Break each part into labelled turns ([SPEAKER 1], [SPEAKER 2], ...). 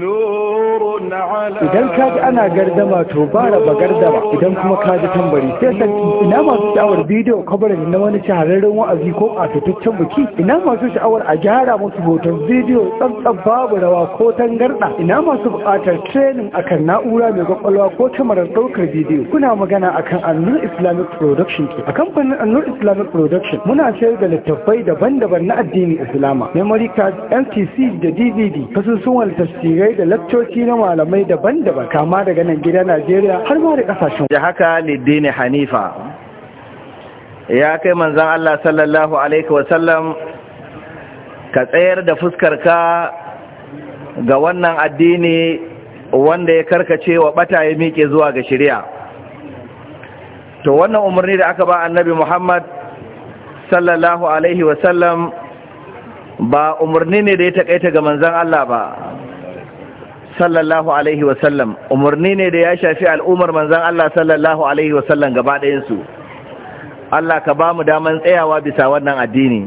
[SPEAKER 1] نور idan ka ji ana gardama to ba raba gardama idan kuma ka ji tambari sai san ina masu sha'awar bidiyo kabarin na wani shahararren wa'azi ko ƙatataccen biki ina masu sha'awar a gyara musu hoton bidiyo tsantsan babu rawa ko tangarɗa ina masu buƙatar training akan na'ura mai kwakwalwa ko kyamarar ɗaukar bidiyo kuna magana akan annur islamic production ke a kamfanin annur islamic production muna sayar da littattafai daban-daban na addinin islama memory card mtc da dvd kasusuwan tasirai da lakcoci na malamai malamai daban-daban kama daga nan gida Najeriya har ma da kasashen da haka lidini Hanifa ya kai manzon Allah sallallahu alaihi wasallam ka tsayar da fuskarka ga wannan addini wanda ya karkace wa bata ya miƙe zuwa ga shari'a to wannan umarni da aka ba annabi Muhammad sallallahu alaihi wasallam ba umarni ne da ya taƙaita ga manzon Allah ba sallallahu alaihi wasallam umarni ne da ya shafi al'ummar manzan Allah sallallahu alaihi wasallam gaba ɗayansu Allah ka ba mu daman tsayawa bisa wannan addini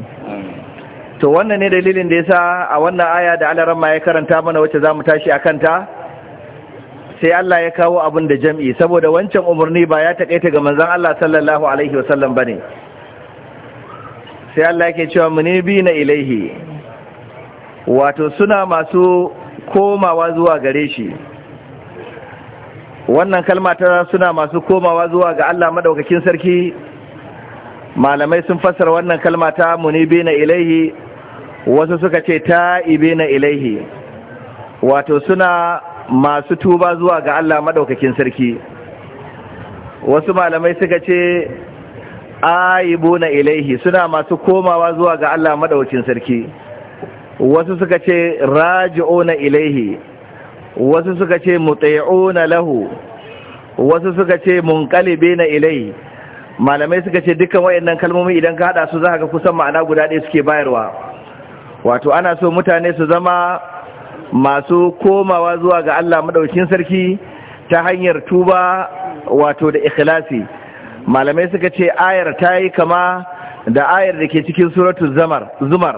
[SPEAKER 1] to wannan ne dalilin da yasa a wannan aya da Allah ma ya karanta mana wacce za mu tashi akan ta sai Allah ya kawo abin da jam'i saboda wancan umarni ba ya taƙaita ga manzan Allah sallallahu alaihi wasallam bane sai Allah yake cewa munibina ilaihi wato suna masu komawa zuwa gare shi wannan kalma ta suna masu komawa zuwa ga Allah madaukakin sarki malamai sun fassara wannan kalma ta na ilaihi wasu suka ce na ilaihi wato suna masu tuba zuwa ga Allah madaukakin sarki wasu malamai suka ce na ilaihi suna masu komawa zuwa ga Allah madaukakin sarki wasu suka ce raji'una ilaihi wasu suka ce na lahu wasu suka ce na ilaihi malamai suka ce dukkan wayannan kalmomi idan ka hada su zaka ga kusan ma'ana guda ɗaya suke bayarwa wato ana so mutane su zama masu komawa zuwa ga Allah madaukin sarki ta hanyar tuba wato da ikhlasi malamai suka ce ayar ta yi kama da ayar da ke cikin suratul zumar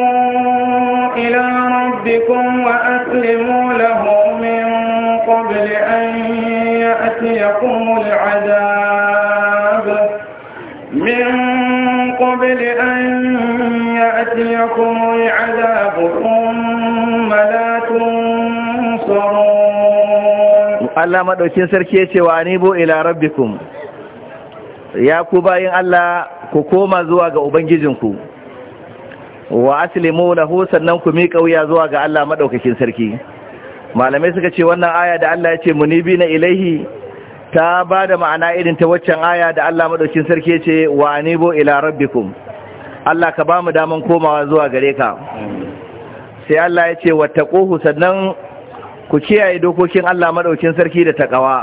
[SPEAKER 1] Allah maɗaukin sarki ya ce wa anibu ila rabbikum ya ku bayin Allah ku koma zuwa ga ubangijinku wa aslimu lahu sannan ku miƙa wuya zuwa ga Allah maɗaukakin sarki malamai suka ce wannan aya da Allah ya ce na ilaihi ta ba da ma'ana irin ta waccan aya da Allah maɗaukin sarki ya ce wa anibu ila rabbikum Allah ka ba mu daman komawa zuwa gare ka sai Allah ya ce wattaquhu sannan ku kiyaye dokokin Allah madaukin sarki da takawa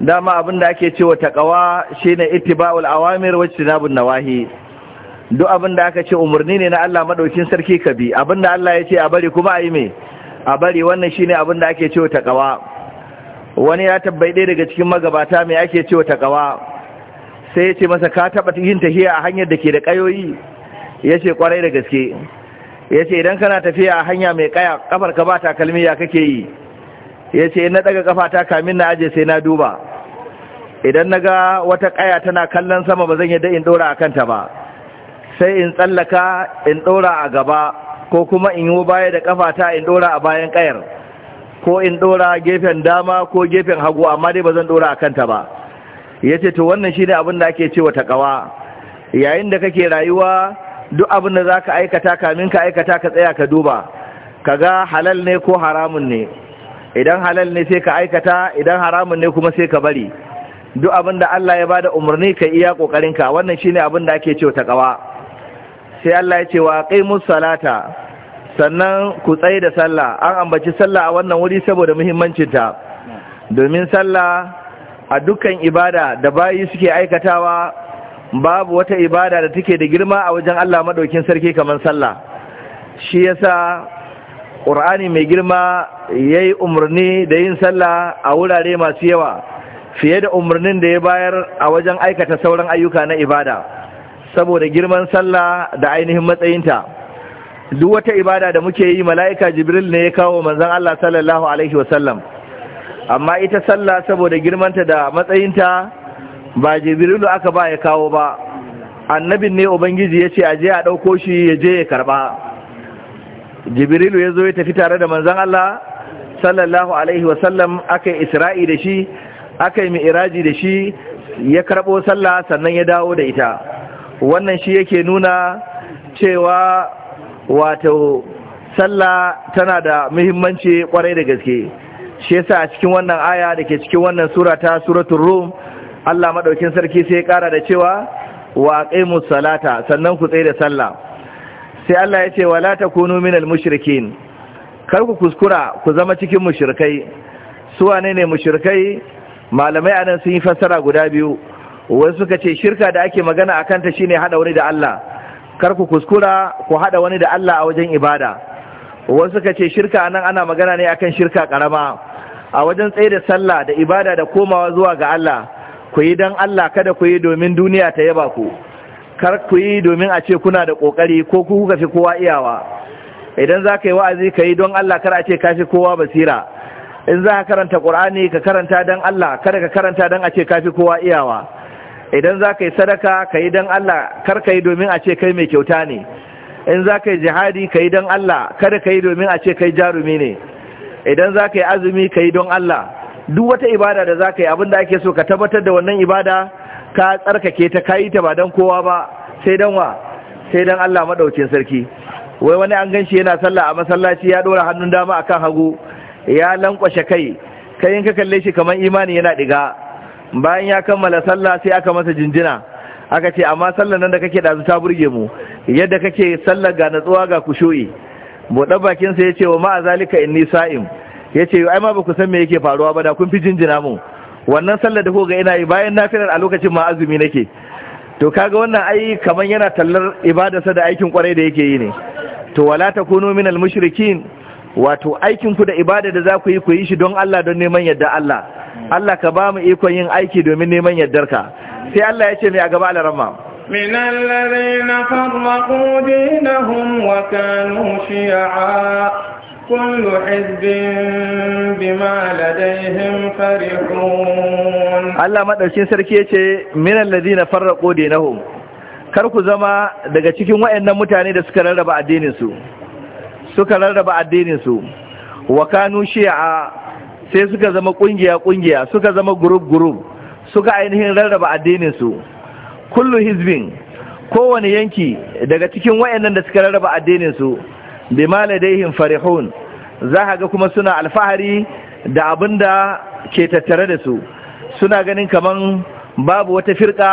[SPEAKER 1] dama abin da ake cewa takawa shine ittiba'ul awamir wa ijtinabun nawahi duk da aka ce umarni ne na Allah madaukin sarki ka bi da Allah ya ce a bari kuma ayi me a bari wannan shine abin da ake cewa takawa wani ya dai daga cikin magabata me ake cewa takawa sai ya ce masa ka taba yin tahiya a hanyar da ke da kayoyi yace kwarai da gaske ya ce idan kana tafiya a hanya mai kaya kafar ka ba takalmi ya kake yi ya ce na daga kafa ta kamin na aje sai na duba idan na ga wata kaya tana kallon sama ba zan yadda in ɗora a kanta ba sai in tsallaka in ɗora a gaba ko kuma in yi baya da kafa ta in ɗora a bayan kayar ko in ɗora gefen dama ko gefen hagu amma dai ba zan ɗora a kanta ba ya ce to wannan shi ne abin da ake ce wa taƙawa yayin da kake rayuwa duk abin da za ka aikata kamin ka aikata ka tsaya ka duba ka ga halal ne ko haramun ne idan halal ne sai ka aikata idan haramun ne kuma sai ka bari duk abin da Allah ya bada umarni ka iya kokarinka wannan shine abin da ake cewa takawa sai Allah ya ce wa qimus salata sannan ku tsaye da sallah an ambaci sallah a wannan wuri saboda muhimmancinta domin sallah a dukkan ibada da bayi suke aikatawa babu wata ibada da take da girma a wajen Allah madaukin sarki kamar sallah shi yasa qur'ani mai girma yayi umarni da yin sallah a wurare masu yawa fiye da umarnin da ya bayar a wajen aikata sauran ayyuka na ibada saboda girman sallah da ainihin matsayinta duk wata ibada da muke yi mala'ika jibril ne ya kawo manzon Allah sallallahu alaihi wasallam amma ita sallah saboda girmanta da matsayinta ba jibrilu aka ba ya kawo ba annabin ne ubangiji ya ce a je a ɗauko shi ya je ya karɓa jibrilu ya zo ya tafi tare da manzan Allah sallallahu alaihi wasallam aka yi isra'i da shi aka yi mi'iraji da shi ya karɓo sallah sannan ya dawo da ita wannan shi yake nuna cewa wato sallah tana da muhimmanci kwarai da gaske shi yasa a cikin wannan aya da ke cikin wannan sura ta suratul rum Allah madaukin sarki sai ya kara da cewa wa musalata salata sannan ku tsaye da sallah sai Allah ya ce wala takunu minal mushrikin kar ku kuskura ku zama cikin mushrikai su wane ne mushrikai malamai anan sun yi fassara guda biyu wai suka ce shirka da ake magana a kanta shine hada wani da Allah kar ku kuskura ku hada wani da Allah a wajen ibada wai suka ce shirka anan ana magana ne akan shirka karama a wajen tsaye da sallah da ibada da komawa zuwa ga Allah ku yi don Allah kada ku yi domin duniya ta yaba ku kar ku yi domin a ce kuna da ƙoƙari ko ku kuka fi kowa iyawa idan za ka yi wa'azi ka yi don Allah kar a ce ka fi kowa basira in za ka karanta ƙur'ani ka karanta don Allah kada ka karanta don a ce ka fi kowa iyawa idan za ka yi sadaka ka yi don Allah kar ka yi domin a ce kai mai kyauta ne in za ka yi jihadi ka yi don Allah kada ka yi domin a ce kai jarumi ne idan za ka yi azumi ka yi don Allah duk wata ibada da zaka yi abinda ake so ka tabbatar da wannan ibada ka tsarkake ta kayi ta ba dan kowa ba sai dan wa sai dan Allah madaukin sarki wai wani an gan shi yana sallah a masallaci ya dora hannun dama akan hagu ya lankwashe kai kai in ka kalle shi kamar imani yana diga bayan ya kammala sallah sai aka masa jinjina aka ce amma sallar nan da kake dazu ta burge mu yadda kake sallar ga natsuwa ga kushoyi buɗe bakinsa ya ce wa ma'azalika in inni sa'im ya ce ai ma ba ku san me yake faruwa ba da kun fi jinjina mu wannan sallar da ko ga ina yi bayan nafilar a lokacin ma azumi nake to kaga wannan ai kaman yana tallar ibadarsa da aikin kwarai da yake yi ne to wala takunu minal mushrikin wato aikin ku da ibada da za ku yi ku yi shi don Allah don neman yadda Allah Allah ka ba mu ikon yin aiki domin neman ka sai Allah ya ce mai a gaba alarama
[SPEAKER 2] من الذين فرقوا دينهم وكانوا شيعا كل
[SPEAKER 1] حزب بما
[SPEAKER 2] لديهم فرحون
[SPEAKER 1] الله مدرسين سركي yace min alladhina farraqu dinahum kar ku zama daga cikin wayannan mutane da suka rarraba addininsu, suka rarraba addininsu. su wa kanu shi'a sai suka zama kungiya kungiya suka zama group group suka ainihin rarraba addininsu. su kullu hizbin kowane yanki daga cikin wayannan da suka rarraba addininsu, su bima farihun za ka ga kuma suna alfahari da abin da ke tattare da su suna ganin kamar babu wata firka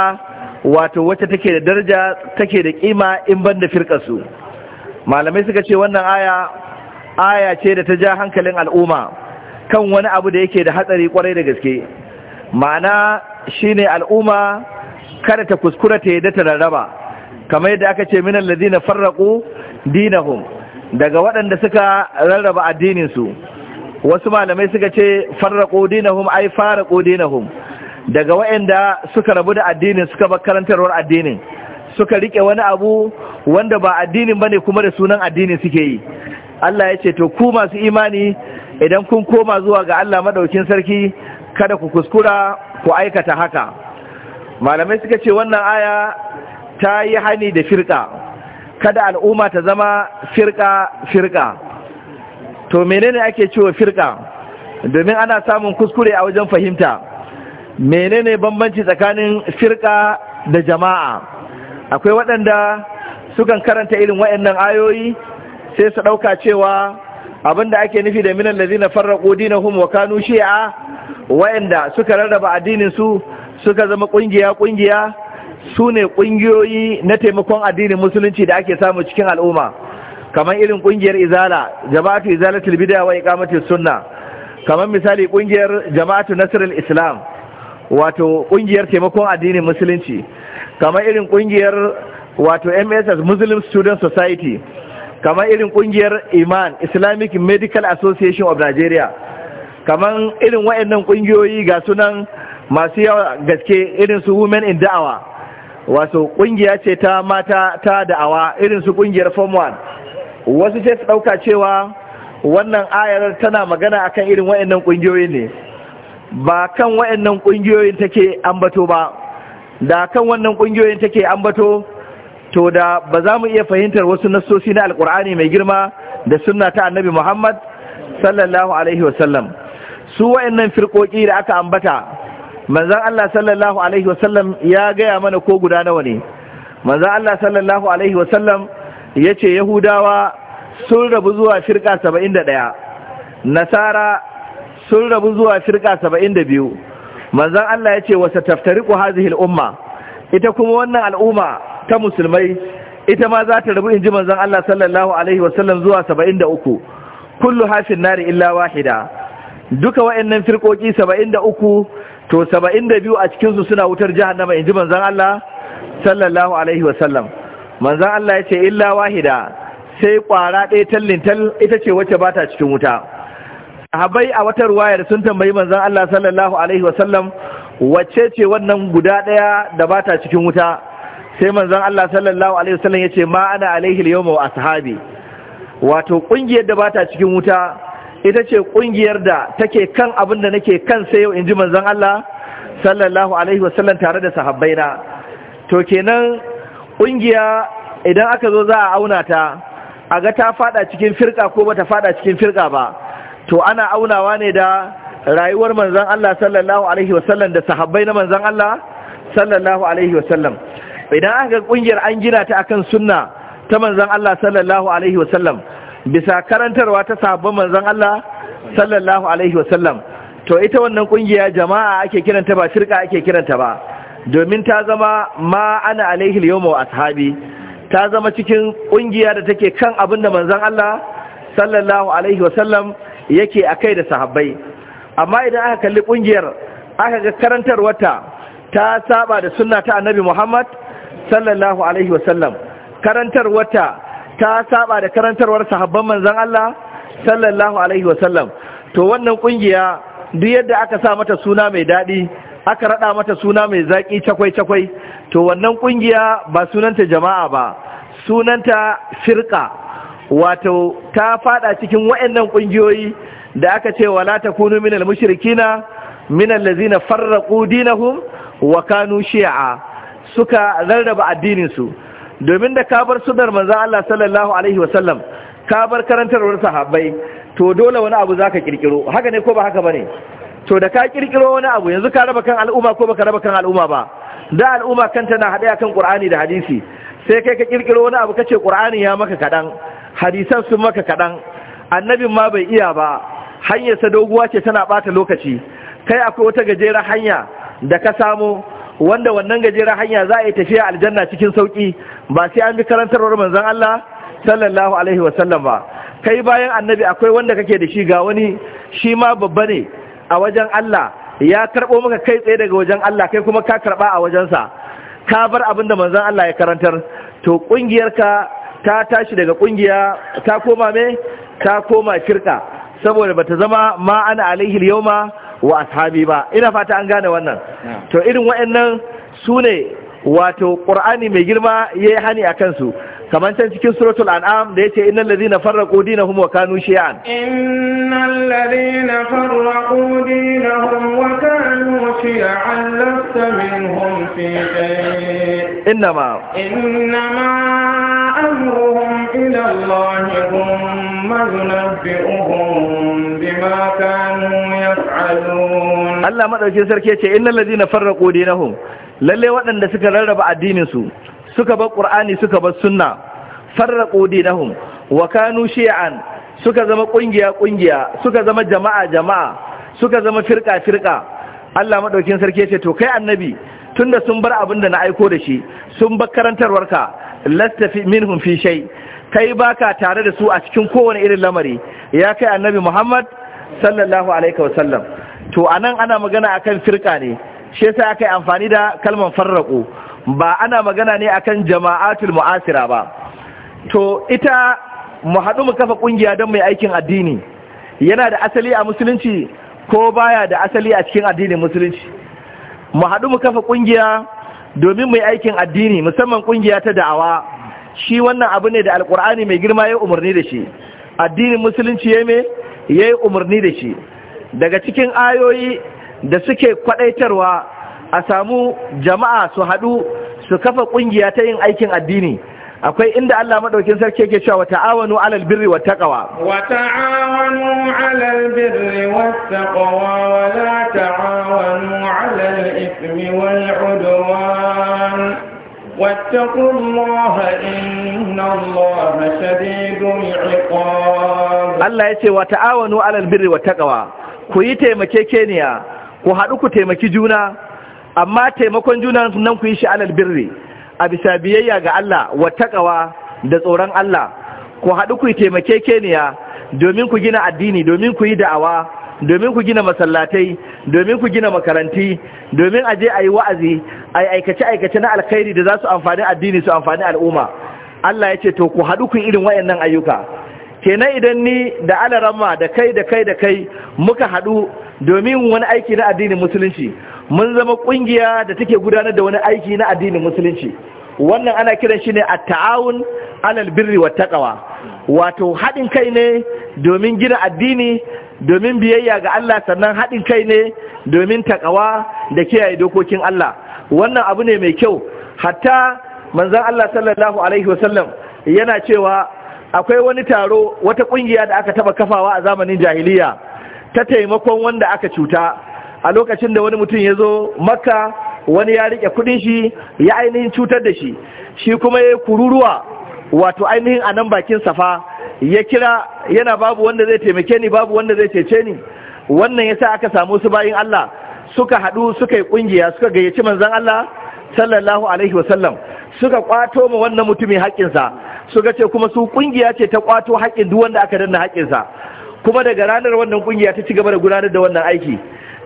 [SPEAKER 1] wato wata take da daraja take da kima in ban da firkar su malamai suka ce wannan aya aya ce da ta ja hankalin al'umma kan wani abu da yake da hatsari kwarai da gaske ma'ana shine al'umma kada ta kuskura ta yadda ta rarraba kamar yadda aka ce minan ladina farraqu dinahum daga waɗanda suka rarraba addininsu wasu malamai suka ce farraƙo dinahum ai faraƙo dinahum daga waɗanda suka rabu da addinin suka bar karantarwar addinin suka rike wani abu wanda ba addinin bane kuma da sunan addinin suke yi Allah ya ce to ku masu imani idan kun koma zuwa ga Allah madaukin sarki kada ku kuskura ku aikata haka malamai suka ce wannan aya ta yi hani da firka kada al'umma ta zama firka firka to menene ake cewa firka domin ana samun kuskure a wajen fahimta menene bambanci tsakanin firka da jama'a akwai waɗanda sukan karanta irin waɗannan ayoyi sai su ɗauka cewa abinda ake nufi da minan na na dinahum wa kanu shi'a waɗanda suka rarraba addininsu su suka zama ƙungiya ƙungiya su ne ƙungiyoyi na taimakon addinin musulunci da ake samu cikin al'umma kamar irin ƙungiyar izala jama'atu Izala bid'a wa ikamatu sunna kamar misali ƙungiyar jama'atu nasrul islam wato ƙungiyar taimakon addinin musulunci kamar irin ƙungiyar wato MSS Muslim Student Society kamar irin ƙungiyar Iman Islamic Medical Association of Nigeria kamar irin wa'annan ƙungiyoyi ga sunan masu yawa gaske irin su women in da'awa wato kungiya ce ta mata ta da'awa irin su kungiyar form 1 wasu sai su dauka cewa wannan ayar tana magana akan irin wayannan kungiyoyi ne ba kan wayannan kungiyoyin take ambato ba da kan wannan kungiyoyin take ambato to da ba za mu iya fahimtar wasu nassosi na alkur'ani mai girma da sunna ta annabi Muhammad sallallahu alaihi wasallam su wayannan firkoki da aka ambata manzan Allah sallallahu alaihi wasallam ya gaya mana ko guda nawa ne manzan Allah sallallahu alaihi wasallam ya ce yahudawa sun rabu zuwa shirka saba'in da ɗaya nasara sun rabu zuwa shirka saba'in da biyu manzan Allah ya ce wasa ku hazihil umma ita kuma wannan al'umma ta musulmai ita ma za ta rabu in ji manzan Allah sallallahu alaihi wasallam zuwa saba'in da uku kullu hafin nari illa wahida duka wa'annan firkoki saba'in da uku to 72 a cikinsu suna wutar jahannama in ji manzan Allah sallallahu alaihi wasallam manzan Allah ya ce illa wahida sai kwara ɗaya tallintal ita ce wacce ba ta cikin wuta sahabai a wata ruwayar sun tambayi manzan Allah sallallahu alaihi wasallam wacce ce wannan guda ɗaya da ba ta cikin wuta sai manzan Allah sallallahu alaihi wasallam ya ce ma ana alaihi yawma wa ashabi wato ƙungiyar da ba ta cikin wuta ita ce ƙungiyar da take kan abin da nake kan sai yau in ji manzon Allah sallallahu alaihi wasallam tare da sahabbaina to kenan ƙungiya idan aka zo za a auna ta a ga ta fada cikin firka ko bata fada cikin firka ba to ana aunawa ne da rayuwar manzon Allah sallallahu alaihi wasallam da sahabbai na manzon Allah sallallahu alaihi wasallam idan aka ga ƙungiyar an gina ta akan sunna ta manzon Allah sallallahu alaihi wasallam bisa karantarwa ta sahabban manzon Allah sallallahu alaihi wasallam to ita wannan kungiya jama'a ake kiranta ba shirka ake kiranta ba domin ta zama ma ana alaihi yawma ashabi ta zama cikin kungiya da take kan abin da manzon Allah sallallahu alaihi wasallam yake akai da sahabbai amma idan aka kalli kungiyar aka ga karantarwarta ta saba da sunna ta annabi Muhammad sallallahu alaihi wasallam karantarwarta ta saba da karantarwar sahabban manzon Allah sallallahu alaihi wasallam to wannan kungiya duk yadda aka sa mata suna mai daɗi, aka raɗa mata suna mai zaƙi cakwai cakwai to wannan kungiya ba sunanta jama'a ba sunanta firqa wato ta fada cikin wayannan kungiyoyi da aka ce wala takunu minal mushrikina minal ladzina farraqu dinahum wa kanu shi'a suka rarraba addinin su domin da ka bar sunar manzan Allah sallallahu alaihi wasallam ka bar karantarwar sahabbai to dole wani abu za ka kirkiro haka ne ko ba haka ba ne? to da ka kirkiro wani abu yanzu ka raba kan al'umma ko baka raba kan al'umma ba da al'umma kan tana haɗe kan ƙur'ani da hadisi sai kai ka kirkiro wani abu kace ƙur'ani ya maka kaɗan, hadisan sun maka kaɗan. annabin ma bai iya ba hanyar sa doguwa ce tana bata lokaci kai akwai wata gajeren hanya da ka samu wanda wannan gajeren hanya za a yi tafiya aljanna cikin sauki ba sai an bi karantarwar manzon Allah sallallahu alaihi wa sallam ba kai bayan annabi akwai wanda kake da shi ga wani shi ma babba ne a wajen Allah ya karbo maka kai tsaye daga wajen Allah kai kuma ka karɓa a sa ka bar abin da manzon Allah ya karantar to ƙungiyarka ta tashi daga kungiya ta koma me ta koma kirka saboda bata zama ma ana alaihi yauma wa ashabi ba ina fata an gane wannan to irin wa'annan su ne wato ƙur'ani mai girma ya yi hani a kansu kamar can cikin suratul an'am da yace innal ladina farraqu dinahum wa kanu shi'an innal
[SPEAKER 2] ladina farraqu dinahum wa kanu shi'an lasta
[SPEAKER 1] minhum fi shay innama
[SPEAKER 2] innama amruhum ila allahi hum ma
[SPEAKER 1] bima kanu Allah الله sarki سركي ce innal ladina farraqu dinahum lalle wadanda suka rarraba addinin su suka bar qur'ani suka bar sunna farraqu dinahum wa kanu shi'an suka zama kungiya kungiya suka zama jama'a jama'a suka zama firqa firqa Allah madaukin sarki ce to kai annabi tunda sun bar abinda na aiko da shi sun bar karantarwarka lastafi minhum fi shay kai baka tare da su a cikin kowane irin lamari ya kai annabi Muhammad sallallahu alaihi wasallam to anan ana magana akan firka ne shi yasa aka yi amfani da kalmar farraqu ba ana magana ne akan jama'atul mu'asira ba to ita mu haɗu mu kafa ƙungiya don mai aikin addini yana da asali a musulunci ko baya da asali a cikin addinin musulunci mu haɗu mu kafa ƙungiya domin mai aikin addini musamman ƙungiya ta da'awa shi wannan abu ne da alkur'ani mai girma ya umarni da shi addinin musulunci ya mai ya yi umarni da shi daga cikin ayoyi da suke kwadaitarwa a samu jama'a su haɗu su kafa ƙungiya ta yin aikin addini akwai inda Allah madaukin sarki yake cewa ta'awanu 'alal birri wat taqwa wa
[SPEAKER 2] ta'awanu 'alal birri wat taqwa wa la ta'awanu 'alal ithmi wal 'udwan واتقوا الله إن الله شديد العقاب
[SPEAKER 1] الله يتي وتعاونوا على البر والتقوى ku yi taimakekeniya ku haɗu ku taimaki juna amma taimakon juna nan ku yi shi alal birri a bisa biyayya ga Allah wa da tsoron Allah ku haɗu ku yi keniya domin ku gina addini domin ku yi da'awa domin ku gina masallatai domin ku gina makaranti domin a je a yi wa'azi a yi aikace-aikace na alkhairi da za su amfani addini su amfani al'umma Allah ya ce to ku haɗu ku irin wayannan ayyuka kenan idan ni da alarama da kai da kai da kai muka haɗu domin wani aiki na addinin musulunci mun zama ƙungiya da take gudanar da wani aiki na addinin musulunci wannan ana kiran shi ne a ta'awun alal birri wa taqawa wato haɗin kai ne domin gina addini domin biyayya ga Allah sannan haɗin kai ne domin takawa da kiyaye dokokin Allah wannan abu ne mai kyau hatta manzon Allah sallallahu alaihi wasallam yana cewa akwai wani taro wata ƙungiya da aka taba kafawa a zamanin jahiliya ta taimakon wanda aka cuta a lokacin da wani mutum ya zo makka wani ya rike kudin shi ya ainihin cutar da shi shi kuma ya kururuwa wato ainihin a nan bakin safa ya kira yana babu wanda zai taimake ni babu wanda zai cece ni wannan yasa aka samu su bayin Allah suka hadu suka yi kungiya suka gayyaci manzon Allah sallallahu alaihi wasallam suka kwato ma wannan mutumin sa suka ce kuma su kungiya ce ta kwato haƙƙin duk wanda aka danna sa kuma daga ranar wannan kungiya ta ci gaba da gudanar da wannan aiki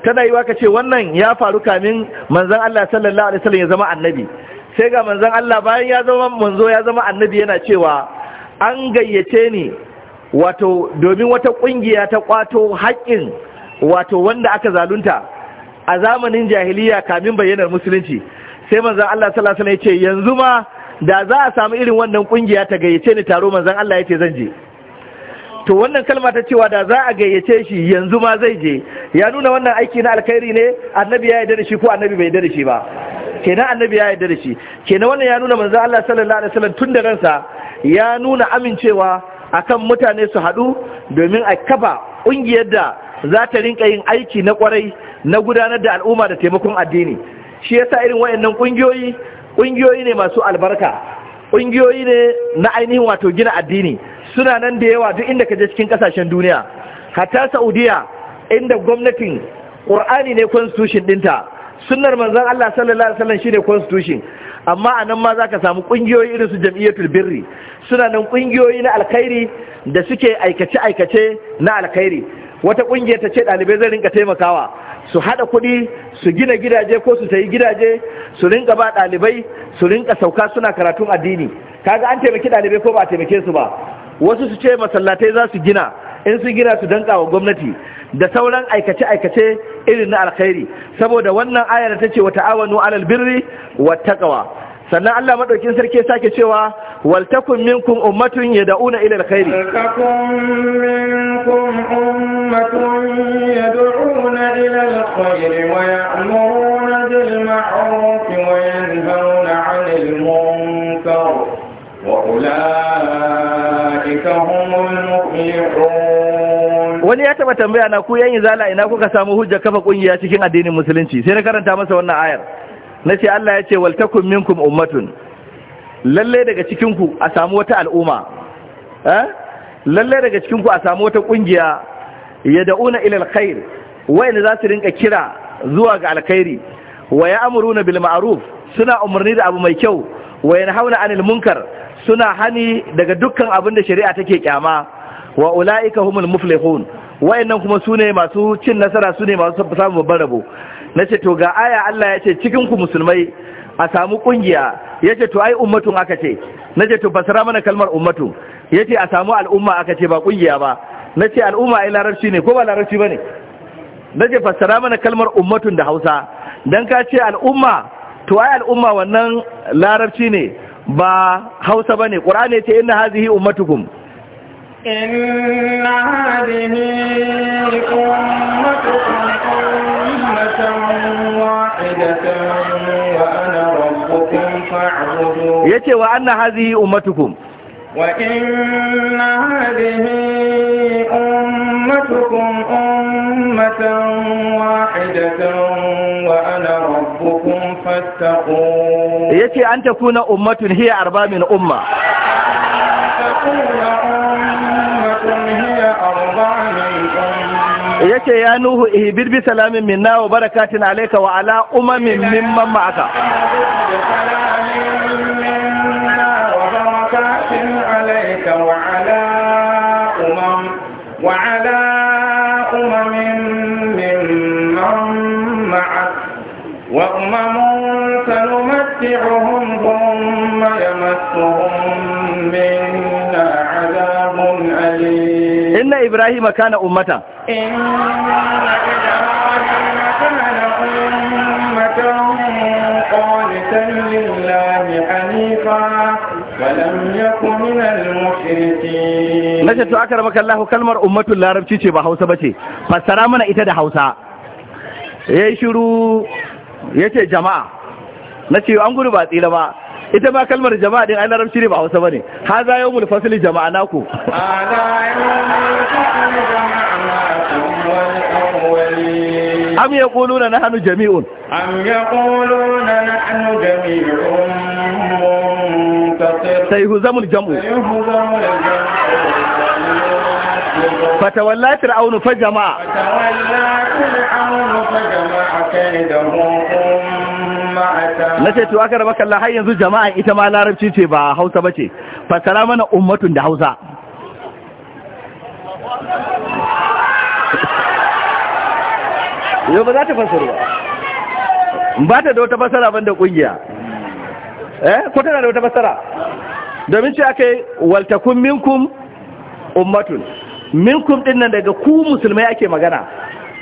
[SPEAKER 1] tana yi waka ce wannan ya faru kamin manzon Allah sallallahu alaihi wasallam ya zama annabi sai ga manzan Allah bayan ya zama manzo ya zama annabi yana cewa an gayyace ni wato domin wata kungiya ta kwato haƙƙin wato wanda aka zalunta a zamanin jahiliya kamin bayyanar musulunci sai manzon Allah sallallahu alaihi wasallam ya ce yanzu ma da za a samu irin wannan kungiya ta gayyace ni taro manzon Allah ya ce zan je to wannan kalma ta cewa da za a gayyace shi yanzu ma zai je ya nuna wannan aiki na alkhairi ne annabi ya yarda da shi ko annabi bai yarda da shi ba kenan annabi ya yarda da shi kenan wannan ya nuna manzon Allah sallallahu alaihi wasallam tun da ransa ya nuna amincewa akan mutane su haɗu domin a kafa ƙungiyar da za ta rinka yin aiki na ƙwarai na gudanar da al'umma da taimakon addini shi yasa irin wayannan ƙungiyoyi ƙungiyoyi ne masu albarka ƙungiyoyi ne na ainihin wato gina addini suna nan da yawa duk inda ka je cikin ƙasashen duniya hatta saudiya inda gwamnatin ƙur'ani ne constitution ɗinta sunnar manzon Allah sallallahu alaihi wasallam shine constitution amma a nan ma za ka samu kungiyoyi irin su jam'iyyatul birri suna nan kungiyoyi na alkhairi da suke aikace aikace na alkhairi wata kungiyar ta ce dalibai zai rinka taimakawa su hada kuɗi su gina gidaje ko su sayi gidaje su rinka ba dalibai su rinka sauka suna karatun addini kaga an taimaki dalibai ko ba a taimake su ba wasu su ce masallatai za su gina in sun gina su danka wa gwamnati da sauran aikace-aikace irin na alkhairi saboda wannan ayar ta ce wa ta'awanu alal birri wa taqwa sannan Allah madaukin sarki ya sake cewa wal takum minkum ummatun yad'una ila alkhairi takum
[SPEAKER 2] minkum ummatun yad'una ila alkhairi wa ya'muruna bil ma'ruf wa yanhauna 'anil munkar wa ulai
[SPEAKER 1] wani ya taba tambaya na ku yayin zala ina kuka samu hujja kafa kungiya cikin addinin musulunci sai na karanta masa wannan ayar Na ce Allah ya ce wal takum minkum ummatun lalle daga cikin ku a samu wata al'umma eh lalle daga cikin ku a samu wata kungiya yad'una ila alkhair in za su rinka kira zuwa ga alkhairi wa ya'muruna bil ma'ruf suna umarni da abu mai kyau wa yanhauna anil munkar suna hani daga dukkan abin da shari'a take kyama wa ula'ika humul muflihun wayannan kuma sune masu cin nasara sune masu samun babban rabo nace to ga aya Allah ya ce cikin ku musulmai a samu kungiya yace to ai ummatun aka ce nace to basara mana kalmar ummatu yace a samu al'umma aka ce ba kungiya ba nace al'umma ai larabci ne ko ba larabci bane nace fassara mana kalmar ummatun da Hausa dan ka ce al'umma to ai al'umma wannan larabci ne ba hausa bane qur'ani ce inna hazihi ummatukum
[SPEAKER 2] inna hazihi ummatukum ummatan wahidatan wa ana rabbukum fa'budun
[SPEAKER 1] yace wa anna hazihi ummatukum
[SPEAKER 2] وإن هذه أمتكم أمة واحدة وأنا ربكم
[SPEAKER 1] فاتقون يتي أن تكون أمة هي أربع من أمة
[SPEAKER 2] تكون أمة هي أربع من أمة
[SPEAKER 1] yake ya nuhu ihbir bi salamin minna wa barakatin alayka wa ala umamin mimman ma'aka
[SPEAKER 3] salamin
[SPEAKER 1] ibrahim kana ummata. na ce tuwa karamar kallahu kalmar ummatun larabci ce ba hausa ba ce fassara mana ita da hausa ya yi shiru ya ce jama'a na ce an gudu ba tsira ba ita ma kalmar jama'a din a larabci ne ba hausa ba ne ha za yi wuli fasili jama'a naku a
[SPEAKER 3] za yi wuli am
[SPEAKER 1] na hannu jami'un am na
[SPEAKER 2] hannu jami'un muntasir
[SPEAKER 1] sayhuzamul jam'u فتولى فرعون فجمع
[SPEAKER 2] فتولى فرعون فجمع كيده na ce
[SPEAKER 1] tuwa ka raba kalla har yanzu jama'a ita ma larabci ce ba hausa ba ce fasara mana ummatun da hausa yau ba za ta fasar ba ba ta da wata fasara ban da kungiya eh ko tana da wata fasara domin ce aka yi waltakun minkum ummatun minkum din nan daga ku musulmai ake magana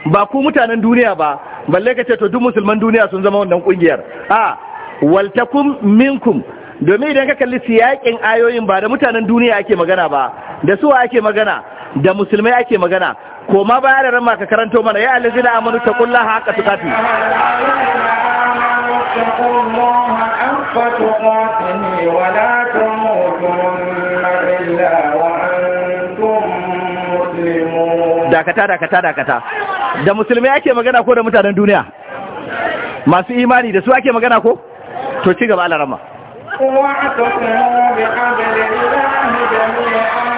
[SPEAKER 1] ba ku mutanen duniya ba balle ka ce to duk musulman duniya sun zama wannan kungiyar a waltakun minkum domin idan ka kalli siyakin ayoyin ba da mutanen duniya ake magana ba da suwa ake magana da musulmai ake magana koma baya da ramma ka karanto mana ya alazi da amanu ta kulla haka tukati dakata dakata dakata da musulmai ake magana ko da mutanen duniya masu imani da su ake magana ko to ci gaba alarama
[SPEAKER 2] wa'atakum bi hablillah jami'an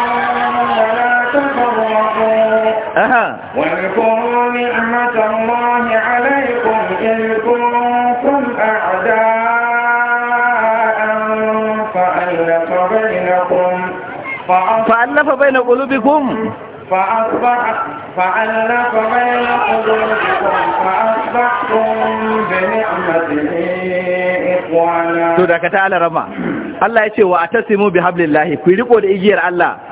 [SPEAKER 2] تفرقوا واذكروا نعمة الله عليكم إذ كنتم أعداء فألف بينكم فألف بين قلوبكم فأصبح فألف بين قلوبكم فأصبحتم بنعمته
[SPEAKER 1] إخوانا. تو دكتا على رما. Allah ya ce wa atasimu bihablillahi ku riko da igiyar Allah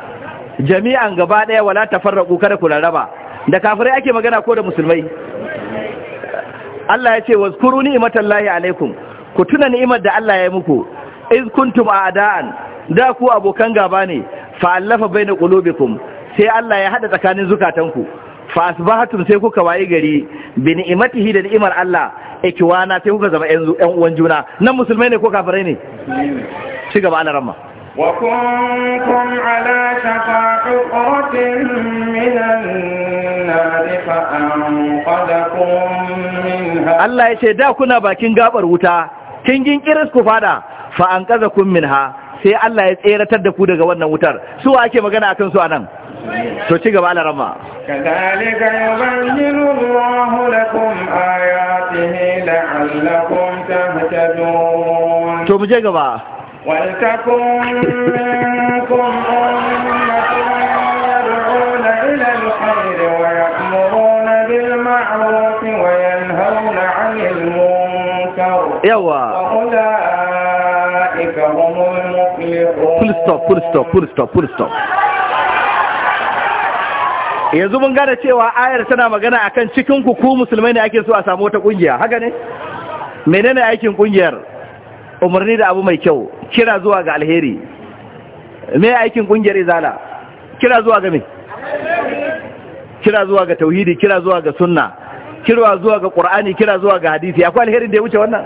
[SPEAKER 1] jami'an gaba ɗaya wala tafarraqu kada ku rarraba da kafirai ake magana ko da musulmai Allah ya ce wazkuru lahi alaikum ku tuna ni'imar da Allah ya yi muku iz kuntum a'da'an da ku abokan gaba ne fa allafa baina qulubikum sai Allah ya hada tsakanin zukatanku fa asbahatum sai kuka waye gari bi ni'matihi da ni'imar Allah ikiwana sai kuka zama ƴan uwan juna nan musulmai ne ko kafirai ne ci gaba alaramma وكنتم
[SPEAKER 2] على شفا حقرة من النار فأنقذكم منها
[SPEAKER 1] الله يشهد كنا باكين غابر وطا kingin كرس كفادا فأنقذكم منها sai Allah ya tseratar da ku daga wannan wutar su ake magana a akan su nan to ci gaba ala rama to mu je gaba
[SPEAKER 2] ولتكن منكم أمة يدعون إلى الخير ويأمرون بالمعروف وينهون عن المنكر
[SPEAKER 1] وأولئك هم المفلحون full stop full stop full stop full stop yanzu mun gane cewa ayar tana magana akan cikin ku ku musulmai ne ake so a samu wata kungiya haka ne menene aikin kungiyar umarni da abu mai kyau kira zuwa ga alheri me aikin kungiyar izala kira zuwa ga mai kira zuwa ga tauhidi kira zuwa ga sunna kira zuwa ga qur'ani kira zuwa ga hadisi akwai alherin da ya wuce wannan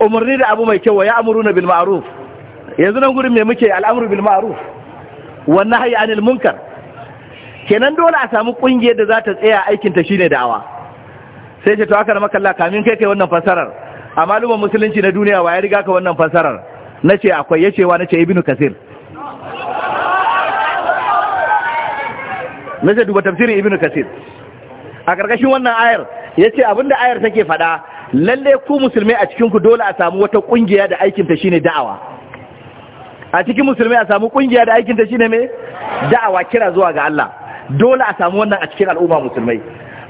[SPEAKER 1] umarni da abu mai kyau wa ya'muruna bil ma'ruf yanzu nan gurin me muke al'amru bil ma'ruf wa nahyi anil munkar kenan dole a samu kungiyar da za ta tsaya aikin ta shine da'awa sai ce to aka na makalla kamin kai kai wannan fasarar a malumin musulunci na duniya wa ya riga ka wannan fasarar na ce akwai ya cewa na ce ibnu kasir na ce duba tafsirin ibnu kasir a ƙarƙashin wannan ayar ya ce abinda ayar take faɗa lalle ku musulmai a cikinku dole a samu wata ƙungiya da aikinta shine da'awa a cikin musulmai a samu ƙungiya da aikinta shine mai da'awa kira zuwa ga Allah dole a samu wannan a cikin al'umma musulmai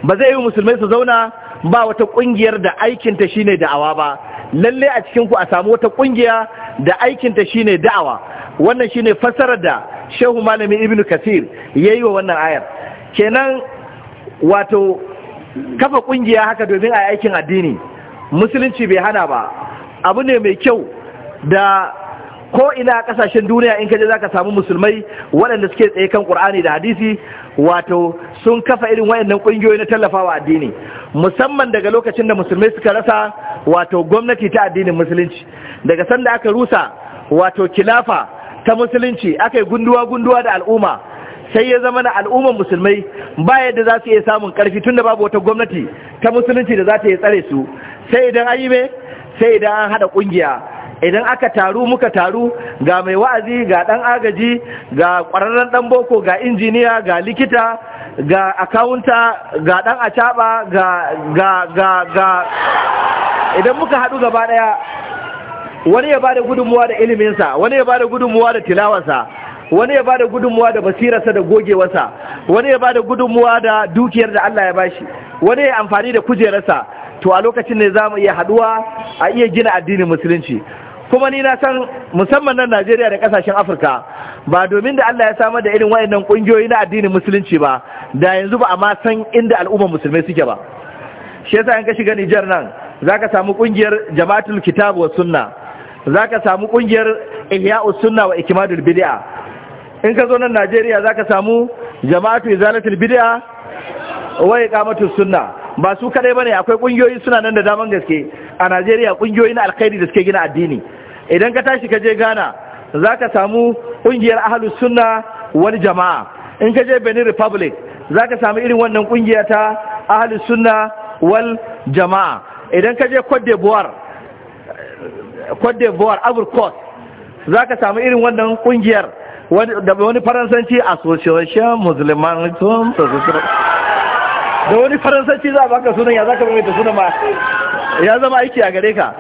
[SPEAKER 1] ba zai yi musulmai su zauna ba wata ƙungiyar da aikinta shine da'awa ba lalle a cikin ku a samu wata ƙungiya da aikinta shine da'awa wannan shine fassarar da shehu malami ibnu kasir yayi wa wannan ayar kenan wato kafa ƙungiya haka domin a aikin addini musulunci bai hana ba abu ne mai kyau da ko ina a kasashen duniya in kaje zaka samu musulmai waɗanda suke tsaye kan Qur'ani da hadisi wato sun kafa irin wayannan kungiyoyi na tallafawa addini musamman daga lokacin da musulmai suka rasa wato gwamnati ta addinin musulunci daga sanda aka rusa wato kilafa ta musulunci aka yi gunduwa gunduwa da al'umma sai ya zama na al'umman musulmai ba yadda za su iya samun karfi da babu wata gwamnati ta musulunci da za ta iya tsare su sai idan an yi me sai idan an haɗa kungiya idan aka taru muka taru ga mai wa'azi ga dan agaji ga ƙwararren ɗan boko ga injiniya ga likita ga akawunta ga ɗan acaba ga ga ga ga idan muka haɗu gaba ɗaya wani ya bada gudunmuwa da iliminsa wani ya bada gudunmuwa da tilawarsa wani ya bada gudunmuwa da basirarsa da gogewarsa wani ya bada gudunmuwa da dukiyar da Allah ya bashi wani ya amfani da kujerarsa to a lokacin ne za mu iya haduwa a iya gina addinin musulunci kuma ni na san musamman nan Najeriya da kasashen Afirka ba domin da Allah ya samar da irin wayannan kungiyoyi na addinin musulunci ba da yanzu ba a ma san inda al'ummar musulmai suke ba shi yasa in ka shiga Nijar nan zaka samu kungiyar Jama'atul Kitab wa Sunna zaka samu kungiyar Ihya'us Sunna wa Ikmadul Bid'a in ka zo nan Najeriya zaka samu Jama'atu Izalatul Bid'a wa Iqamatus Sunna ba su kadai bane akwai kungiyoyi suna nan da daman gaske a Najeriya kungiyoyi na alkhairi da suke gina addini idan ka tashi ka je Ghana za ka samu ƙungiyar ahalus suna wani jama'a in ka je Benin Republic za ka samu irin wannan ƙungiya ta ahalus suna wal jama'a idan ka je Cote d'Ivoire Cote d'Ivoire za ka samu irin wannan ƙungiyar da wani faransanci association musulman da wani faransanci za a baka sunan ya za ka mai ta sunan ma ya zama aiki a gare ka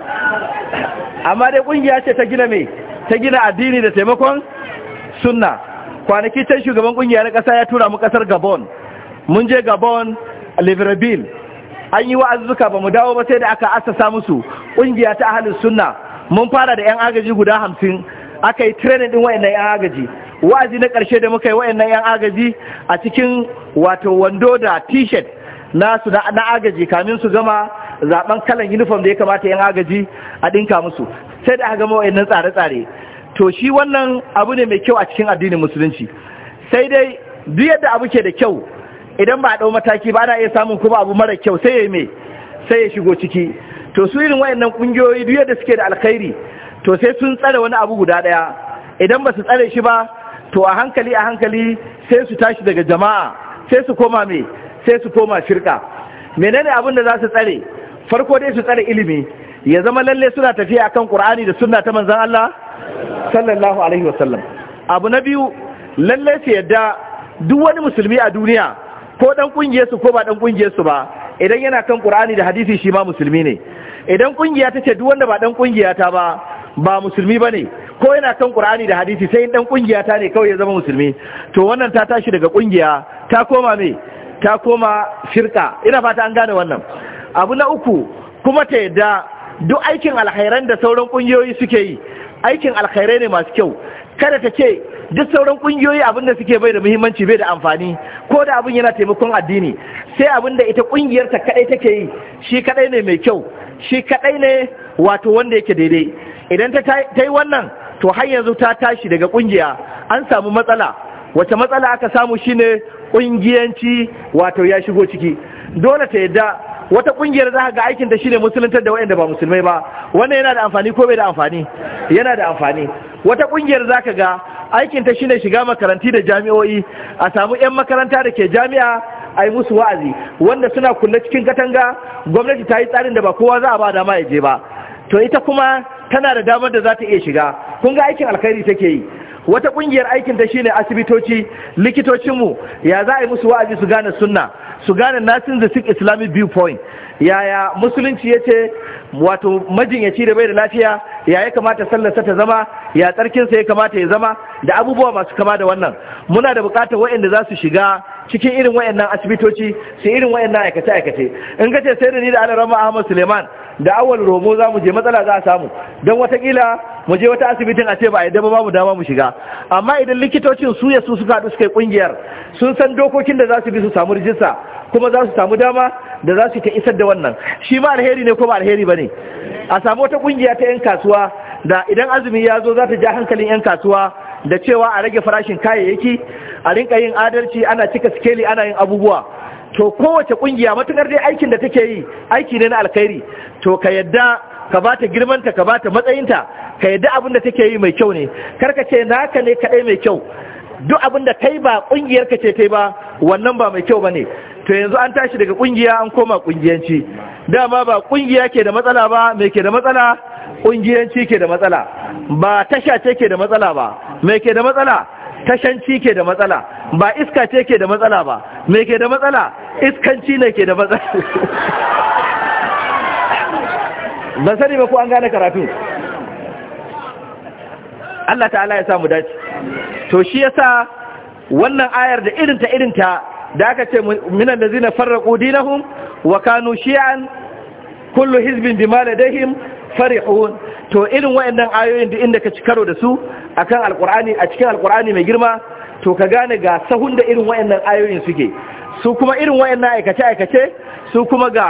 [SPEAKER 1] amma dai kungiya ce ta gina mai ta gina addini da taimakon sunna kwanaki can shugaban kungiya na kasa ya tura mu kasar gabon mun je gabon libreville an yi wa'azzuka ba mu dawo ba sai da aka asasa musu kungiya ta ahalin sunna mun fara da yan agaji guda hamsin aka yi training din wayannan yan agaji wa'azi na karshe da muka yi wayannan yan agaji a cikin wato wando da t-shirt na agaji kamin su gama zaben kalan uniform da ya kamata yan agaji a dinka musu sai da aka gama wayannan tsare-tsare to shi wannan abu ne mai kyau a cikin addinin musulunci sai dai duk yadda abu ke da kyau idan ba a dau mataki ba ana iya samun kuma abu mara kyau sai ya mai sai ya shigo ciki to su irin wayannan kungiyoyi duk yadda suke da alkhairi to sai sun tsare wani abu guda ɗaya. idan ba su tsare shi ba to a hankali a hankali sai su tashi daga jama'a sai su koma mai sai su koma shirka menene abin da za su tsare farko dai su tsare ilimi ya zama lalle suna tafiya akan Qur'ani da sunna ta manzon Allah sallallahu alaihi wasallam abu na biyu lalle su yadda duk wani musulmi a duniya ko dan kungiyar su ko ba dan kungiyar su ba idan yana kan Qur'ani da hadisi shi ma musulmi ne idan kungiya ta ce duk wanda ba dan kungiya ta ba ba musulmi ba ne? ko yana kan Qur'ani da hadisi sai dan kungiya ta ne kawai ya zama musulmi to wannan ta tashi daga kungiya ta koma me ta koma shirka ina fata an gane wannan abu na uku kuma ta yadda duk aikin alkhairan da sauran kungiyoyi suke yi aikin alkhairai ne masu kyau kada ta ce duk sauran kungiyoyi abin da suke bai da muhimmanci bai da amfani ko da abin yana taimakon addini sai abin da ita kungiyar ta kadai take yi shi kadai ne mai kyau shi kadai ne wato wanda yake daidai idan ta yi wannan to har yanzu ta tashi daga kungiya an samu matsala wace matsala aka samu shine kungiyanci wato ya shigo ciki dole ta yadda wata kungiyar za ga aikin ta shine musuluntar da wayanda ba musulmai ba wannan yana da amfani ko bai da amfani yana da amfani wata kungiyar za ka ga aikin ta shine shiga makaranti da jami'o'i a samu yan makaranta da ke jami'a a yi musu wa'azi wanda suna kulle cikin katanga gwamnati ta yi tsarin da ba kowa za a ba dama ya je ba to ita kuma tana da damar da za ta iya shiga kun ga aikin alkhairi take yi wata kungiyar aikin ta shine asibitoci likitocinmu ya za a yi musu wa'azi su gane sunna su gane nasin da sik islamic viewpoint yaya musulunci ya ce wato majinyaci da bai da lafiya ya ya kamata sallarsa ta zama ya tsarkinsa ya kamata ya zama da abubuwa masu kama da wannan muna da bukatar waɗanda za su shiga cikin irin wa'annan asibitoci su irin wa'annan aikace-aikace in gace ce sai da ni da alarama ahmad suleiman da awal romo za mu je matsala za a samu don watakila mu je wata asibitin a ce ba a yadda ba mu dama mu shiga amma idan likitocin su ya su suka haɗu suka yi ƙungiyar sun san dokokin da za su bi su samu rijista kuma za su samu dama da za su ta isar da wannan shi ma alheri ne ko ba alheri ba ne a samu wata ƙungiya ta 'yan kasuwa da idan azumi ya zo za ta ja hankalin 'yan kasuwa da cewa a rage farashin kayayyaki a rinka yin adalci ana cika sikeli ana yin abubuwa to kowace kungiya matukar dai aikin da take yi aiki ne na alkhairi to ka yadda ka ba ta girmanta ka ba ta matsayinta ka yadda abin da take yi mai kyau ne karka ce naka ne kaɗai mai kyau duk abin da kai ba kungiyar ka ce kai ba wannan ba mai kyau ba ne to yanzu an tashi daga kungiya an koma kungiyanci dama ba kungiya ke da matsala ba mai ke da matsala kungiyanci ke da matsala ba tasha ce ke da matsala ba mai ke da matsala tashanci ke da matsala ba iska ce ke da matsala ba me ke da matsala iskanci ne ke da matsala ban sani ba ko an gane karatu Allah ta'ala ya samu dace to shi yasa wannan ayar da irinta irinta da aka ce minan da ƙudi na dinahum wa kanu shi'an kullu hizbin bima ladayhim farihun to irin wayannan ayoyin da inda ka ci karo da su akan alqur'ani a cikin alqur'ani mai girma to ka gane ga sahun da irin wayannan ayoyin suke su kuma irin wayannan aikace-aikace su kuma ga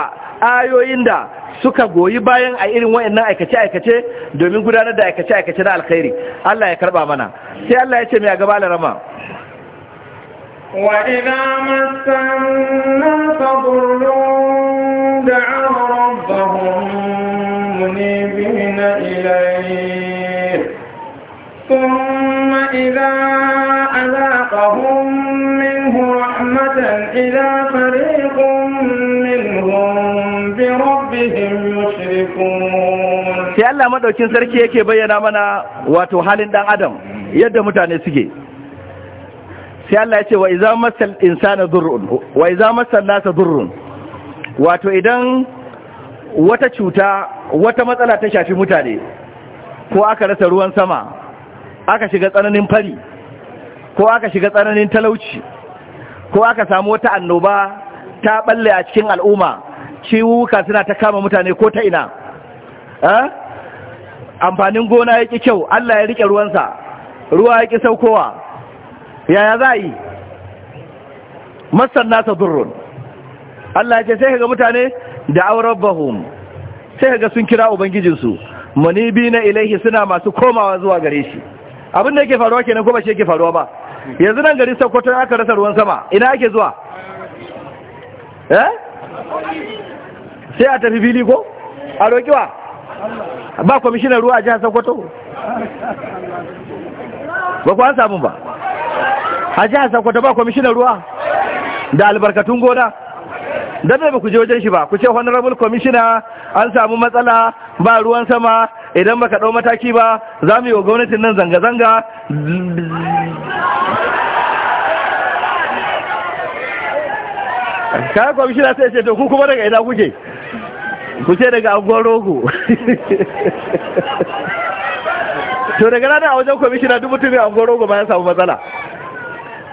[SPEAKER 1] ayoyin da suka goyi bayan a irin wayannan aikace-aikace domin gudanar da aikace-aikace na alkhairi Allah ya karba mana sai Allah ya ce mai gaba da rama
[SPEAKER 2] مس الناس ضر دعوا ربهم منيبين إليه ثم
[SPEAKER 1] Allah madaukin sarki yake bayyana mana wato halin ɗan adam yadda mutane suke sai Allah ya ce wa iza masal insana durrun wa iza masal nasa durrun wato idan wata cuta wata matsala ta shafi mutane ko aka rasa ruwan sama aka shiga tsananin fari ko aka shiga tsananin talauci ko aka samu wata annoba ta balle a cikin al'umma ciwuka suna ta kama mutane ko ta ina eh? amfanin gona ya ƙi kyau Allah ya riƙe ruwansa ruwa ya ƙi saukowa yaya za a yi masar nasa durrun Allah ya ce sai ga mutane da auren bahum sai ga sun kira ubangijinsu manibi na ilaihi suna masu komawa zuwa gare shi abin da yake faruwa kenan ko kuma shi yake faruwa ba yanzu nan gari sokoto aka rasa ruwan sama ina ake zuwa eh sai a tafi fili ko a roƙiwa ba kwamishinan ruwa a jihar sokoto ba kwan an samu ba a jihar sokoto ba kwamishinan ruwa da albarkatun gona don ne ba ku je wajen shi ba ku ce honorable commissioner an samu matsala ba ruwan sama idan ba ka ɗau mataki ba za mu yi wa gwamnatin nan zanga-zanga kayan kwamishina sai ce to kuma daga ina kuke ku ce daga angon rogo to daga rana a wajen kwamishina duk mutum ya angon rogo bayan ya samu matsala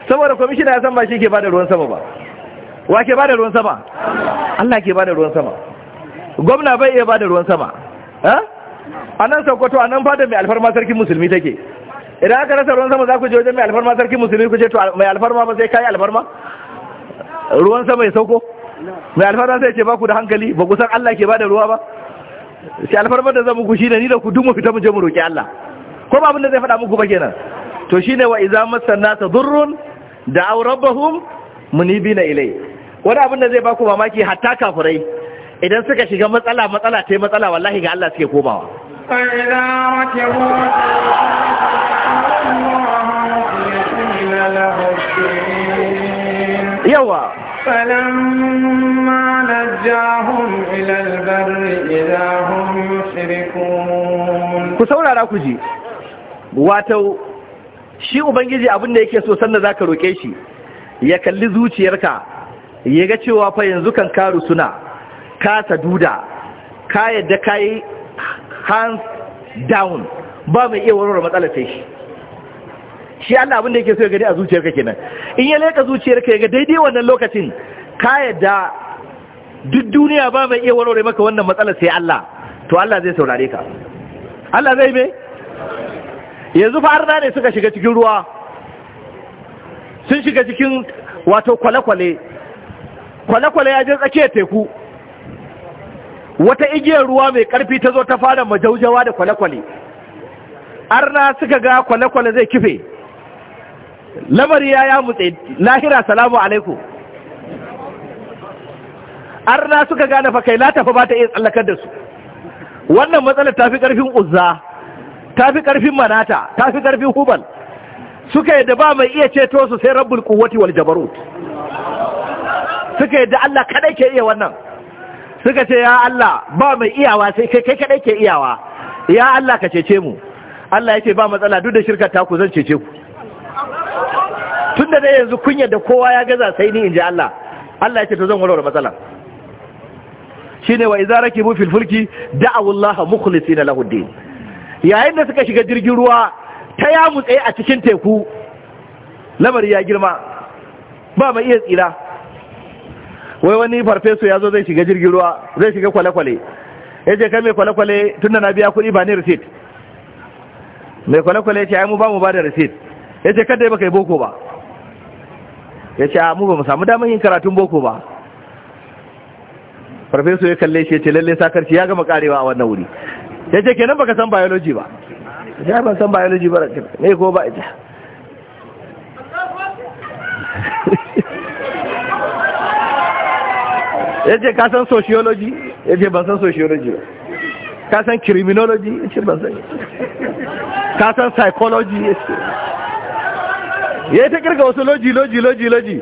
[SPEAKER 1] saboda kwamishina ya san ba shi ke bada ruwan sama ba wa ke bada ruwan sama Allah ke bada ruwan sama gwamna bai iya bada ruwan sama a nan saukoto a nan fada mai alfarma sarkin musulmi take idan aka rasa ruwan sama za ku je wajen mai alfarma sarkin musulmi ku ce to mai alfarma ba sai kayi alfarma ruwan sama ya sauko mai alfarma sai ce ba ku da hankali ba ku san Allah ke ba da ruwa ba sai alfarma da zamu ku shi da ni da ku duk mu fita mu je mu roki Allah ko ba abin da zai faɗa muku ba kenan to shine wa masana ta durrun da au rabbahum munibina ilai wani abin da zai ba ku mamaki hatta kafurai, idan suka shiga matsala matsala tai matsala wallahi ga Allah suke komawa
[SPEAKER 2] Yawa! فلما نجاهم إلى البر إذا هم يشركون
[SPEAKER 1] كسولا راكوجي واتو shi ubangiji abin da yake so sanda zaka roke shi ya kalli zuciyarka ya ga cewa fa yanzu kan karu suna ka duda ka yadda kai hands down ba mai iya warware matsalar sai shi shi Allah abin da yake so ya gani a zuciyarka kenan in ya leka zuciyarka ya ga daidai wannan lokacin ka yadda duk duniya ba mai iya warware maka wannan matsalar sai Allah to Allah zai saurare ka Allah zai me yanzu fa arna ne suka shiga cikin ruwa sun shiga cikin wato kwale-kwale kwale-kwale ya je tsakiyar teku wata igiyar ruwa mai karfi ta zo ta fara majaujawa da kwale-kwale arna suka ga kwale-kwale zai kife lamari ya ya mutse lahira salamu alaikum arna suka gane fa kai la tafi ba ta iya tsallakar da su wannan matsalar ta fi karfin uzza ta fi karfin manata ta fi karfin hubal suka yadda ba mai iya ceto su sai rabbul quwwati wal jabarut suka yadda Allah kadai ke iya wannan suka ce ya Allah ba mai iyawa sai kai kai kadai ke iyawa ya Allah ka cece mu Allah ya ce ba matsala duk da shirkar ku zan cece ku tun da yanzu kunya da kowa ya gaza sai ni in ji Allah Allah ya ce to zan warware matsalan shine wa idza rakibu fil fulki da'u Allah mukhlisina lahu din yayin da suka shiga jirgin ruwa ta ya mutse a cikin teku lamari ya girma ba mai iya tsira wai wani farfeso ya zo zai shiga jirgin ruwa zai shiga kwale-kwale ya je kai mai kwale-kwale tun na biya kuɗi ba ne receipt mai kwale-kwale ya ce ai mu ba mu ba da receipt ya ce kada ya baka yi boko ba ya ce a mu ba mu samu damar yin karatun boko ba farfesu ya kalle shi ce lalle sakarci ya gama karewa a wannan wuri ya ce kenan baka san biology ba ya ban san biology ba ne ko ba ita ya ce ka san sociology ya ce ban san sociology ba ka san criminology ya ce ban san ka san psychology ya ce ya yi ta kirga wasu loji loji loji loji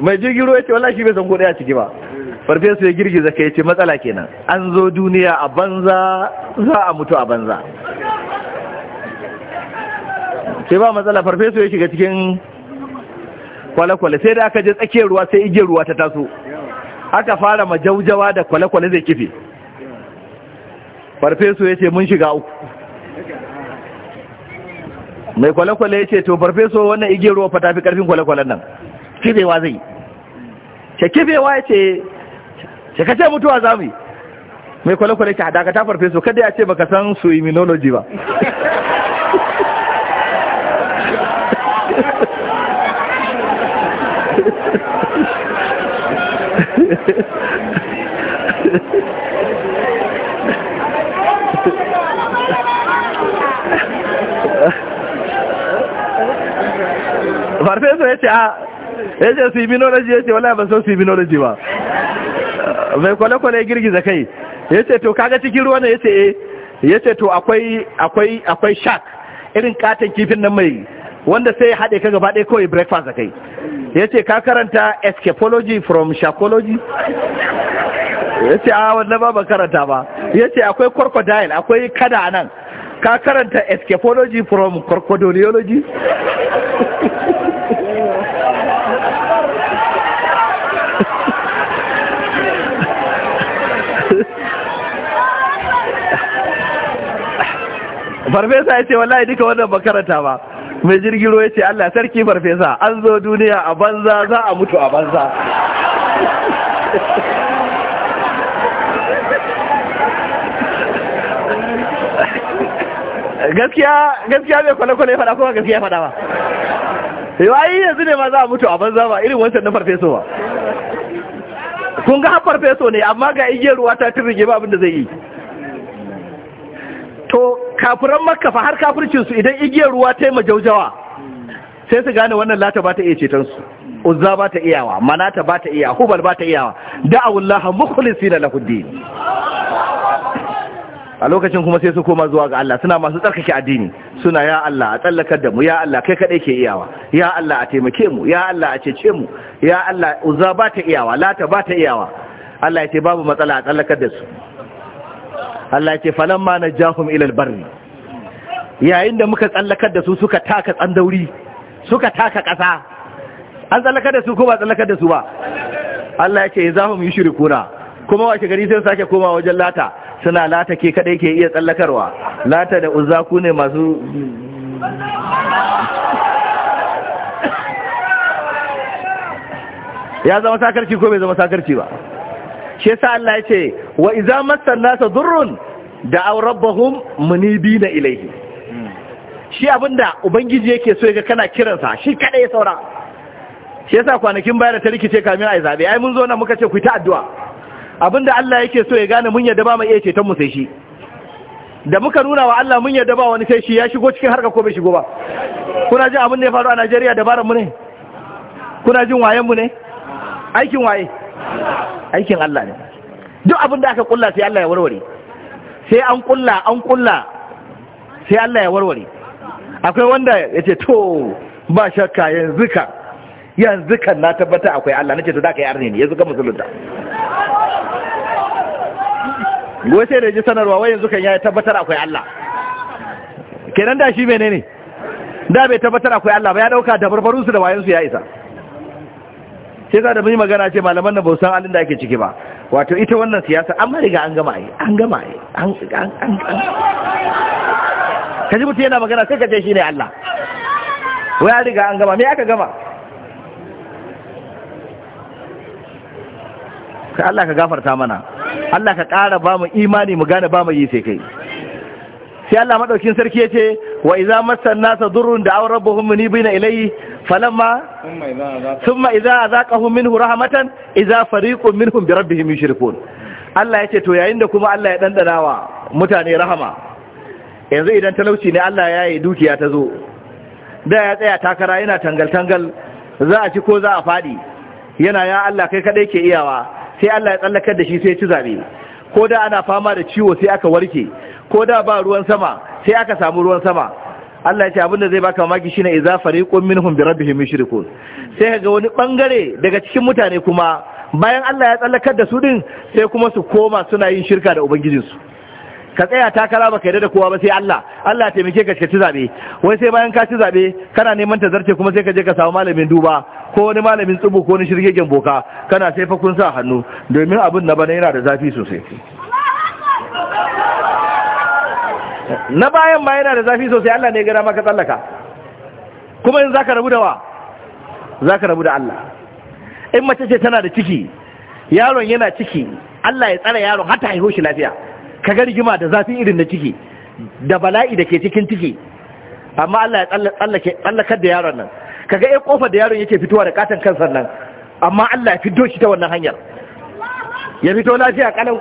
[SPEAKER 1] mai jirgin ruwa ya ce wala shi bai san kodaya ciki ba farfesu ya girgiza ya ce matsala kenan an zo duniya a banza za a mutu a banza sai ba matsala farfesu ya shiga cikin kwale-kwale sai da aka je tsakiyar ruwa sai igiyar ruwa ta taso aka fara majaujawa da kwale-kwale zai kife farfesu ya ce mun shiga uku mai kwale-kwale ya ce to farfeso wannan igiyar ruwa fata fi karfin kwale-kwalen nan kifewa zai ce kifewa ya ce ce ka ce mutuwa za mu mai kwale-kwale ce haɗaka ta farfeso kada ya ce baka san su immunology ba farfesa ya ce a ah, ya ce sibinology ya ce wala ban san sibinology ba mai kwale-kwale girgiza kai ya ce to kaga cikin ruwa ne ya ce eh. ya ce to akwai akwai akwai shark irin katon kifin nan mai wanda sai ya haɗe ka gaba ɗaya kawai breakfast da kai ya ce ka karanta escapology from sharkology ya ce a ah, wanda ba ban karanta ba ya ce akwai crocodile akwai kada nan ka karanta escapology from crocodiliology farfesa ya ce wallahi duka wannan bakarata ba mai jirgin ruwa ya ce Allah sarki farfesa an zo duniya a banza za a mutu a banza gaskiya mai kwale-kwale ya fada kuma gaskiya fada ba yayi yanzu ne ma za a mutu a banza ba irin wancan na farfeso ba kun ga farfeso ne amma ga igiyar ruwa ta turige ba abinda zai yi to kafiran makka fa har kafircin su idan igiyar ruwa ta yi majaujawa sai su gane wannan lata ba ta iya ceton su uzza ba ta iyawa manata ba ta iya hubal ba ta iyawa da'awullaha mukhlisina lahuddin a lokacin kuma sai su koma zuwa ga Allah suna masu tsarkake addini suna ya Allah a tsallakar da mu ya Allah kai kadai ke iyawa ya Allah a taimake mu ya Allah a cece mu ya Allah uzza ba ta iyawa lata ba ta iyawa Allah ya ce babu matsala a tsallakar da su Allah ce na najahum ilal albarri yayin da muka tsallakar da su suka taka tsandauri suka taka ƙasa an tsallakar da su ko ba tsallakar da su ba Allah ya ce yi shiri kuna. kuma wa gari sai sake koma wajen lata suna lata ke kaɗai ke iya tsallakarwa lata da uzza ku ne masu ya zama sakarci ko bai zama sakarci ba shi yasa Allah ya ce wa idza massan nasa durrun da'aw rabbahum munibina ilayhi shi abinda ubangiji yake so yaga kana kiransa shi kada ya saura shi yasa kwanakin baya da ta rikice kamin ai zabe ai mun zo nan muka ce ku ta addu'a abinda Allah yake so ya gane mun yadda ba mu iya ceton mu sai shi da muka nuna wa Allah mun yadda ba wani sai shi ya shigo cikin harka ko bai shigo ba kuna jin abin da ya faru a Najeriya dabaran mu ne kuna jin wayen mu ne aikin waye aikin Allah ne duk abin da aka kulla sai Allah ya warware sai an kulla an kulla sai Allah ya warware akwai wanda ya ce to ba shakka yanzu ka yanzu kan na tabbata akwai Allah ce to da ka yi arni ne yanzu ka musulunta gobe sai da ji sanarwa wai yanzu kan ya tabbatar akwai Allah kenan da shi menene da bai tabbatar akwai Allah ba ya dauka da su da wayansu ya isa sai za da mai magana ce malaman nan bausan san da ake ciki ba wato ita wannan siyasa an mai ga an gama yi an gama yi an an an kaji mutum yana magana sai ka ce ne Allah wai an riga an gama me aka gama ka Allah ka gafarta mana Allah ka ƙara ba mu imani mu gane ba mu yi sai kai sai Allah madaukin sarki yace wa idza massan nasa durrun da awrabuhum munibina ilayhi falamma thumma idza azaqahu minhu rahmatan idza fariqun minhum bi rabbihim yushrikun Allah yace to yayin da kuma Allah ya dandana wa mutane rahama yanzu idan talauci ne Allah ya yi dukiya ta zo da ya tsaya takara yana tangal-tangal za a ci ko za a fadi yana ya Allah kai kadai ke iyawa sai Allah ya tsallakar da shi sai ci zabe ko da ana fama da ciwo sai aka warke ko da ba ruwan sama sai aka samu ruwan sama Allah ya ce abinda zai baka mamaki shine idza fariqun minhum bi rabbihim yushrikun sai ga wani bangare daga cikin mutane kuma bayan Allah ya tsallakar da su din sai kuma su koma suna yin shirka da ubangijinsu ka tsaya takara baka yarda da kowa ba sai Allah Allah ya taimake ka ci zabe wai sai bayan ka ci zabe kana neman ta zarce kuma sai ka je ka samu malamin duba ko wani malamin tsubu ko wani shirgegen boka kana sai fa kun sa hannu domin abin na bana yana da zafi sosai na bayan ma yana da zafi sosai Allah ne gara maka tsallaka kuma in zaka rabu da wa zaka rabu da Allah in mace ce tana da ciki yaron yana ciki Allah ya tsara yaron har ta haihu shi lafiya ka ga rigima da zafi irin da ciki da bala'i da ke cikin ciki amma Allah ya tsallake tsallakar da yaron nan ka ga ai kofar da yaron yake fitowa da katan kansa nan amma Allah ya fito shi ta wannan hanyar ya fito lafiya kalau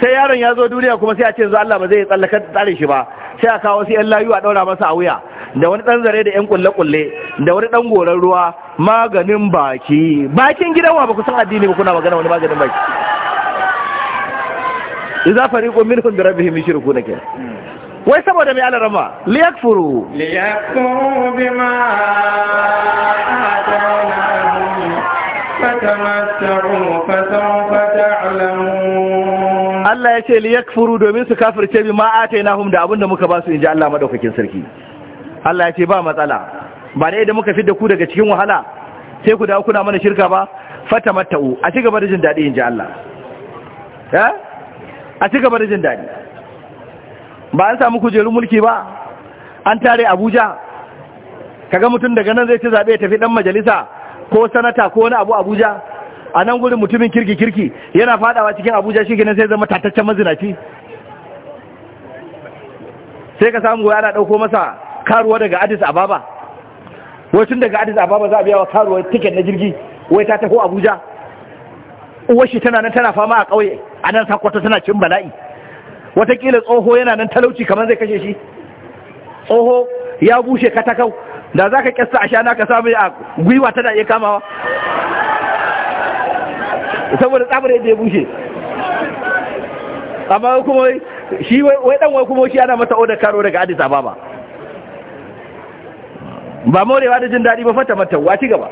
[SPEAKER 1] sai yaron ya zo duniya kuma sai a ce zuwa Allah ba zai tsallaka tsarin shi ba sai a kawo wasu yan layu a daura masa a wuya da wani dan zare da yan kulle kulle da wani dan goran ruwa maganin baki bakin gidan wa ba ku san addini ba kuna magana wani maganin baki idza fariqun minhum bi rabbihim yushrikuna ke wai saboda mai alarama liyakfuru liyakfuru
[SPEAKER 2] bima atana
[SPEAKER 1] Allah ya ce li yakfuru domin su kafirce bi ma atainahum da abinda muka ba su inji Allah madaukakin sarki Allah ya ce ba matsala ba dai da muka fidda ku daga cikin wahala sai ku dawo kuna mana shirka ba fatamatta'u a ci gaba da jin dadi inji Allah eh a ci gaba da jin dadi ba an samu kujerun mulki ba an tare Abuja kaga mutum daga nan zai ci zabe tafi dan majalisa ko sanata ko wani abu Abuja a nan gudun mutumin kirki kirki yana fadawa cikin abuja shi ginin sai zama tataccen mazinaci sai ka samu ana ɗauko masa karuwa daga addis ababa wacin daga addis ababa za a biya wa karuwa tiket na jirgi wai ta taho abuja uwashi tana nan tana fama a ƙauye a nan sakwata tana cin bala'i watakila tsoho yana nan talauci kamar zai kashe shi tsoho ya bushe katakau da za ka kyasta a sha na ka samu a gwiwa tana iya kamawa saboda tsabar yadda ya bushe amma kuma shi wai dan wai kuma shi ana mata odar karo daga Addis Ababa ba morewa da jin daɗi ba fata mata wa ci gaba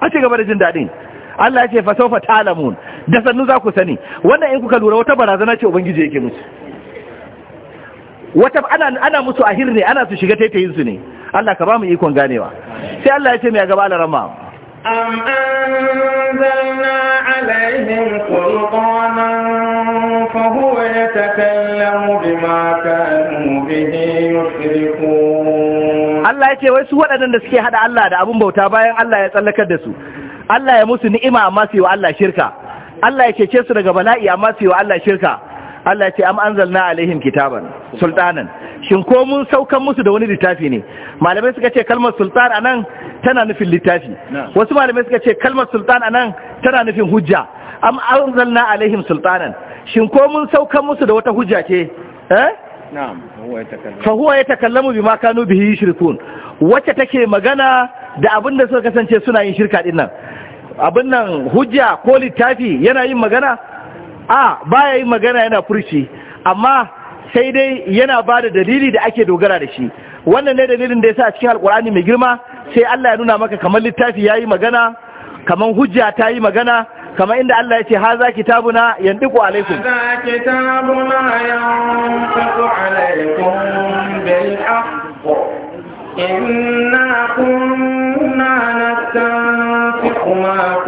[SPEAKER 1] a ci gaba da jin daɗin Allah ya ce fa sofa ta'lamun da sannu za ku sani wannan in kuka lura wata barazana ce ubangiji yake musu wata ana ana musu ahir ne ana su shiga taitayin su ne Allah ka ba mu ikon ganewa sai Allah ya ce mai gaba alarama
[SPEAKER 2] Allah أنزلنا عليهم سلطانا فهو
[SPEAKER 1] waɗannan da suke haɗa Allah da abun bauta bayan Allah ya tsallakar da su Allah ya musu ni'ima amma su yi wa Allah shirka Allah ya cece su daga bala'i amma su yi wa Allah shirka Allah ce am anzalna alaihim kitaban sultanan shin ko mun saukan musu da wani littafi ne malamai suka ce kalmar sultan anan tana nufin littafi wasu malamai suka ce kalmar sultan anan tana nufin hujja am anzalna alaihim sultanan shin ko mun saukan musu da wata hujja ce eh na'am fahuwa ya takallamu bi ma kanu bihi shirkun wacce take magana da abin da suka kasance suna yin shirka din nan abin nan hujja ko littafi yana yin magana a baya yin magana yana furci amma sai dai yana ba da dalili da ake dogara da shi wannan ne dalilin da ya sa a cikin alkur'ani mai girma sai Allah ya nuna maka kamar littafi ya yi magana kamar hujja ta yi magana kamar inda Allah ya ce ha za kitabuna yandiku alaikum
[SPEAKER 2] alaikum Inna haqq إنا كنا نستنفق
[SPEAKER 1] ما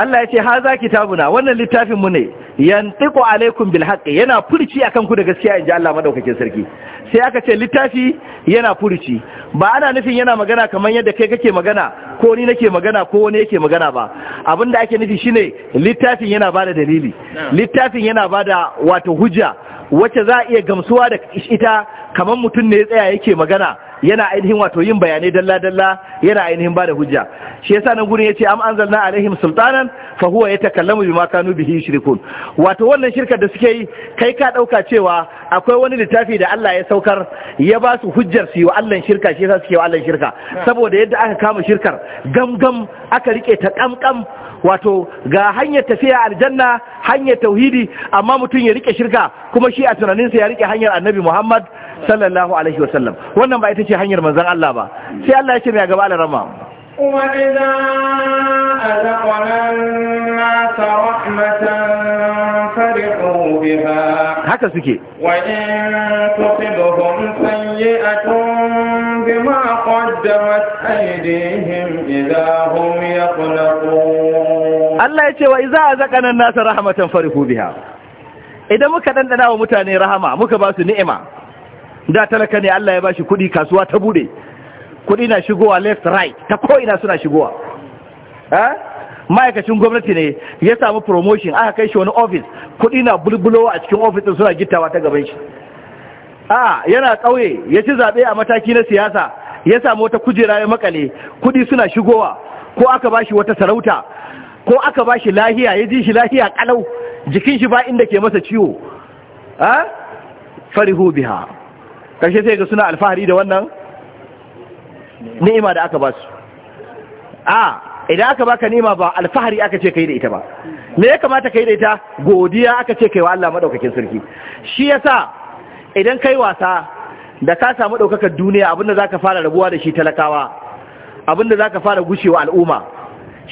[SPEAKER 1] Allah ya ce ha za kitabuna wannan littafin mu ne yantiqu alaikum bil haqqi yana furci akan ku da gaskiya inji Allah madaukakin sarki sai aka ce littafi yana furci ba ana nufin yana magana kamar yadda kai kake magana ko ni nake magana ko wani yake magana ba abinda ake nufi shine littafin yana bada dalili littafin yana bada wato hujja wacce za a iya gamsuwa da ita kamar mutum ne ya tsaya yake magana yana ainihin wato yin bayanai dalla-dalla yana ainihin ba da hujja shi yasa nan gurin yace am anzalna alaihim sultanan fa huwa yatakallamu bima kanu bihi yushrikun wato wannan shirka da suke yi kai ka dauka cewa akwai wani littafi da Allah ya saukar ya ba su hujjar su yi wa Allah shirka shi yasa suke wa Allah shirka saboda yadda aka kama shirkar gamgam aka rike ta kamkam wato ga hanyar tafiya aljanna hanyar tauhidi amma mutum ya rike shirka kuma shi a tunaninsa ya rike hanyar annabi Muhammad sallallahu alaihi wasallam wannan ba ita ce hanyar manzon Allah ba sai Allah ya
[SPEAKER 2] ce Wai za a zaka nan nasa rahmatan farihu
[SPEAKER 1] biha haka suke
[SPEAKER 2] wa in tusibhum sayyi'atun bima qaddamat
[SPEAKER 1] aydihim idahum
[SPEAKER 2] yaqlaqun
[SPEAKER 1] Allah ya ce wa idza azqalanna rahmatan farihu biha idan muka dandana wa mutane rahama muka ba su ni'ima da talaka ne Allah ya bashi kudi kasuwa ta bude Kudi na shigowa left right ta ko ina suna shigowa ma'aikacin gwamnati ne ya samu promotion aka kai shi wani ofis kuɗi na bulbulowa a cikin ofis suna gittawa ta gaban shi yana kauye ya ci zaɓe a mataki na siyasa ya samu wata kujera ya makale kuɗi suna shigowa ko aka bashi wata sarauta ko aka bashi lahiya ya ji shi lahiya kalau jikin shi ba inda ke masa ciwo a farihu biha karshe sai ga suna alfahari da wannan ni'ima da aka ba su a idan aka baka ni'ima ba alfahari aka ce kai da ita ba me ya kamata kai da ita godiya aka ce kai wa Allah madaukakin sarki shi yasa idan kai wasa da ka samu daukakar duniya abinda zaka fara rabuwa da shi talakawa abinda zaka fara gushewa al'umma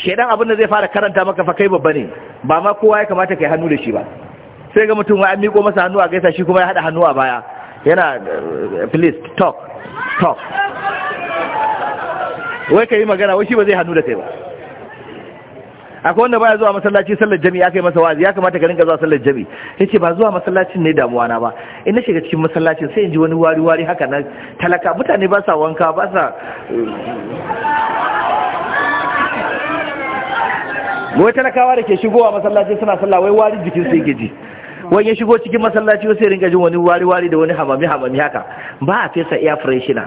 [SPEAKER 1] shedan abinda zai fara karanta maka fa kai babba ne ba ma kowa ya kamata kai hannu da shi ba sai ga mutum wai an miko masa hannu a gaisa shi kuma ya hada hannu a baya yana please talk talk wai ka yi magana wai shi ba zai hannu da kai ba akwai wanda baya zuwa masallaci sallar jami'a aka yi masa wazi ya kamata ka rinka zuwa sallar Ya ce ba zuwa masallacin ne damuwa na ba in na shiga cikin masallacin sai in ji wani wari wari haka na talaka mutane ba sa wanka ba sa wai talakawa da ke shigowa masallaci suna sallah wai wari jikin sai ke ji wani ya shigo cikin masallaci wasu ya ringa jin wani wari-wari da wani hamami-hamami haka ba a fesa air freshener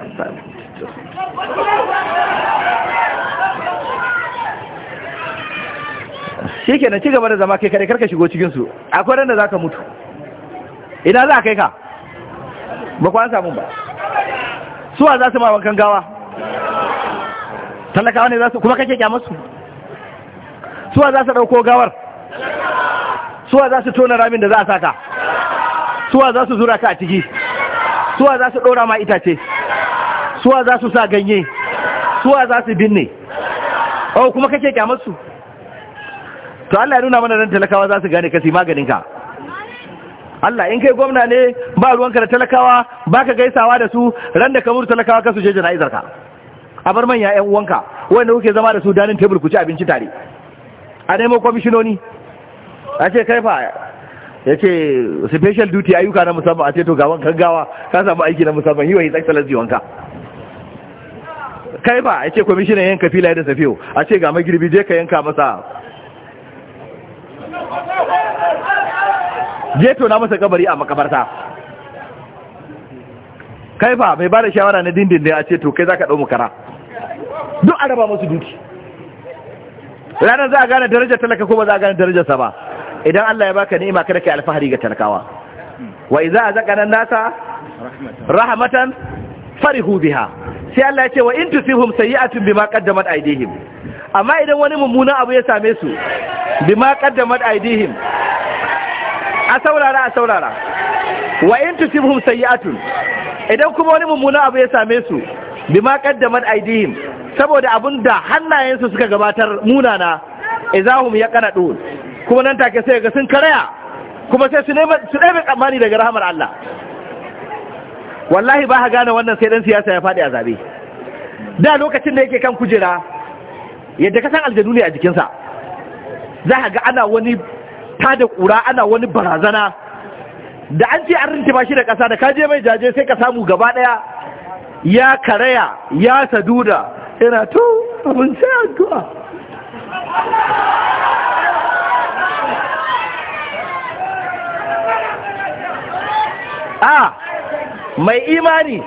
[SPEAKER 1] shi ke na ci gaba da zama kai kare karka shigo cikinsu akwai ran da za ka mutu ina za a kai ka ba kwan samun ba suwa za su ma wankan gawa talakawa ne za su kuma kake kyamarsu suwa za su ɗauko gawar suwa za su tona ramin da za a saka suwa za su zura ka a ciki suwa za su ɗora ma itace suwa za su sa ganye suwa za su binne oh kuma kake kyamar su to Allah ya nuna mana nan talakawa za su gane kasi maganin ka Allah in kai gwamna ne ba ruwanka da talakawa baka gaisawa da su ran da ka mutu talakawa ka su je jana'izar ka a bar manya ƴan uwanka wanda kuke zama da su danin tebur ku ci abinci tare a nemo kwamishinoni a ce kai fa ya ce special duty ayyuka na musamman a ce to gawon kangawa ka samu aiki na musamman yi wa his excellency wanka kai ba ce kwamishinan yanka filaye da safiyo a ce ga magirbi je ka yanka masa je na masa kabari a makabarta kai ba mai ba da shawara na dindin da a ce to kai za ka ɗau mukara duk a raba masu duki ranar za a gane darajar talaka ko ba za a gane darajarsa ba idan Allah ya baka ni'ima kada ke alfahari ga talakawa wa idza azaqana nasa rahmatan farihu biha sai Allah ya ce wa in tusibhum sayi'atun bima qaddamat aydihim amma idan wani mummuna abu ya same su bima qaddamat aydihim a saurara a saurara wa in tusibhum sayi'atun idan kuma wani mummuna abu ya same su bima qaddamat aydihim saboda abinda hannayensu suka gabatar munana idza hum yaqanadun kuma nan take sai ga sun karaya kuma sai su ɗaya tsammani daga rahamar Allah wallahi ba ha gane wannan sai dan siyasa ya fadi a zaɓe da lokacin da yake kan kujera yadda ka san aljanu ne a jikinsa za ka ga ana wani tada ƙura ana wani barazana da an ce an rintima shi da ƙasa da ka je mai jaje sai ka samu gaba ɗaya ya karaya ya saduda yana to abin sai addu'a a mai imani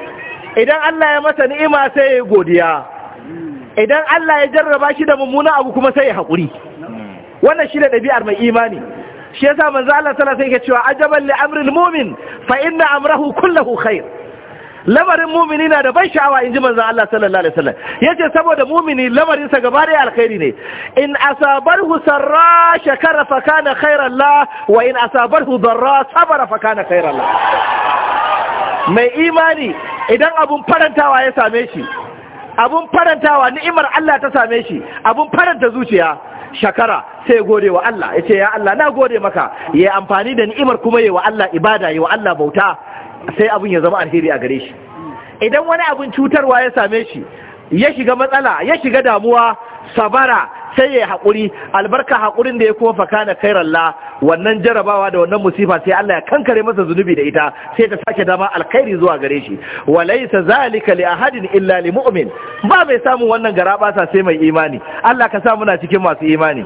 [SPEAKER 1] idan Allah ya masa ni'ima sai ya godiya idan Allah ya jarraba shi da mummuna abu kuma sai ya haƙuri wannan shi da ɗabi'ar mai imani shi yasa manzo Allah sallallahu alaihi wasallam yake cewa ajaban li amril mu'min fa inna amrahu kullahu khair lamarin mumini na da ban sha'awa in ji manzan Allah sallallahu alaihi wasallam yace saboda mumini lamarin sa gaba da alkhairi ne in asabarhu sarra shakara fa kana khairan la wa in asabarhu darra sabara fa kana khairan la mai imani idan abun farantawa ya same shi abun farantawa ni'imar Allah ta same shi abun faranta zuciya shakara sai gode wa Allah ya ce ya Allah na gode maka ya amfani da ni'imar kuma yi wa Allah ibada yi wa Allah bauta sai abin ya zama alheri a gare shi idan wani abin cutarwa ya same shi ya shiga matsala ya shiga damuwa sabara sai ya yi haƙuri albarka haƙurin da ya kuma faka na kairalla wannan jarabawa da wannan musifa sai Allah ya kankare masa zunubi da ita sai ta sake dama alkhairi zuwa gare shi walaysa zalika li ahadin illa li mu'min ba mai samun wannan garaba sai mai imani Allah ka sa muna cikin masu imani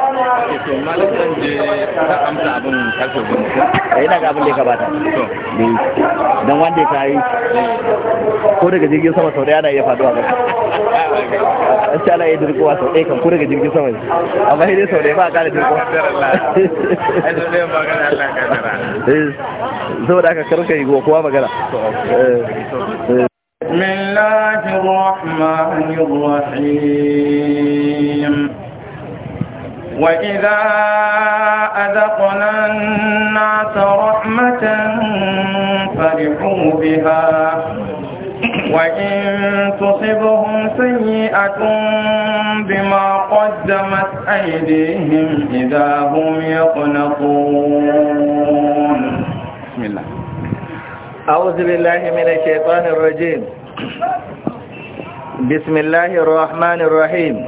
[SPEAKER 1] to malam zan je ta amsa abin karfe goma eh ina ga abin da ya gabata to eh, dan wanda ka yi ko daga jirgin sama sau daya na iya faduwa ba insha Allah ya dirkowa sau daya kan ko daga jirgin sama amma sai dai sau daya ba a kara dirkowa eh, saboda aka karka yi kowa magana
[SPEAKER 2] بسم الله الرحمن الرحيم وإذا أذقنا الناس رحمة فرحوا بها وإن تصبهم سيئة بما قدمت أيديهم إذا هم يقنطون بسم الله
[SPEAKER 1] أعوذ بالله من الشيطان الرجيم بسم الله الرحمن الرحيم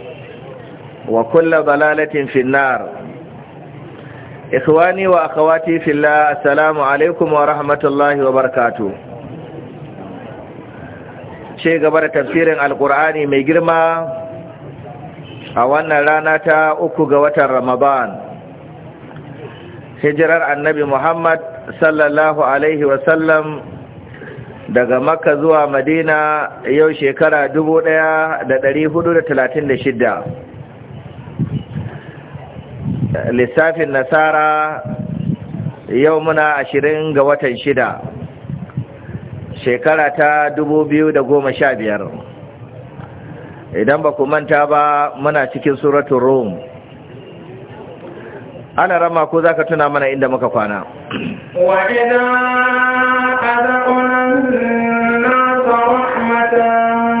[SPEAKER 1] wa kulla balalatin finnar ikhwani wa akhawati filla assalamu alaikum wa rahmatullahi wa barakatu ce gaba da tafsirin alkur'ani mai girma a wannan rana ta uku ga watan ramadan hijirar annabi muhammad sallallahu alaihi sallam, daga makka zuwa madina yau shekara 1436 lissafin nasara yau muna ashirin ga watan shida shekara ta dubu biyu da goma sha biyar idan ba ku manta ba muna cikin suratun rum ana rama ko za ka tuna mana inda muka kwana
[SPEAKER 2] wa'ina a zaƙunan nasa rahmatan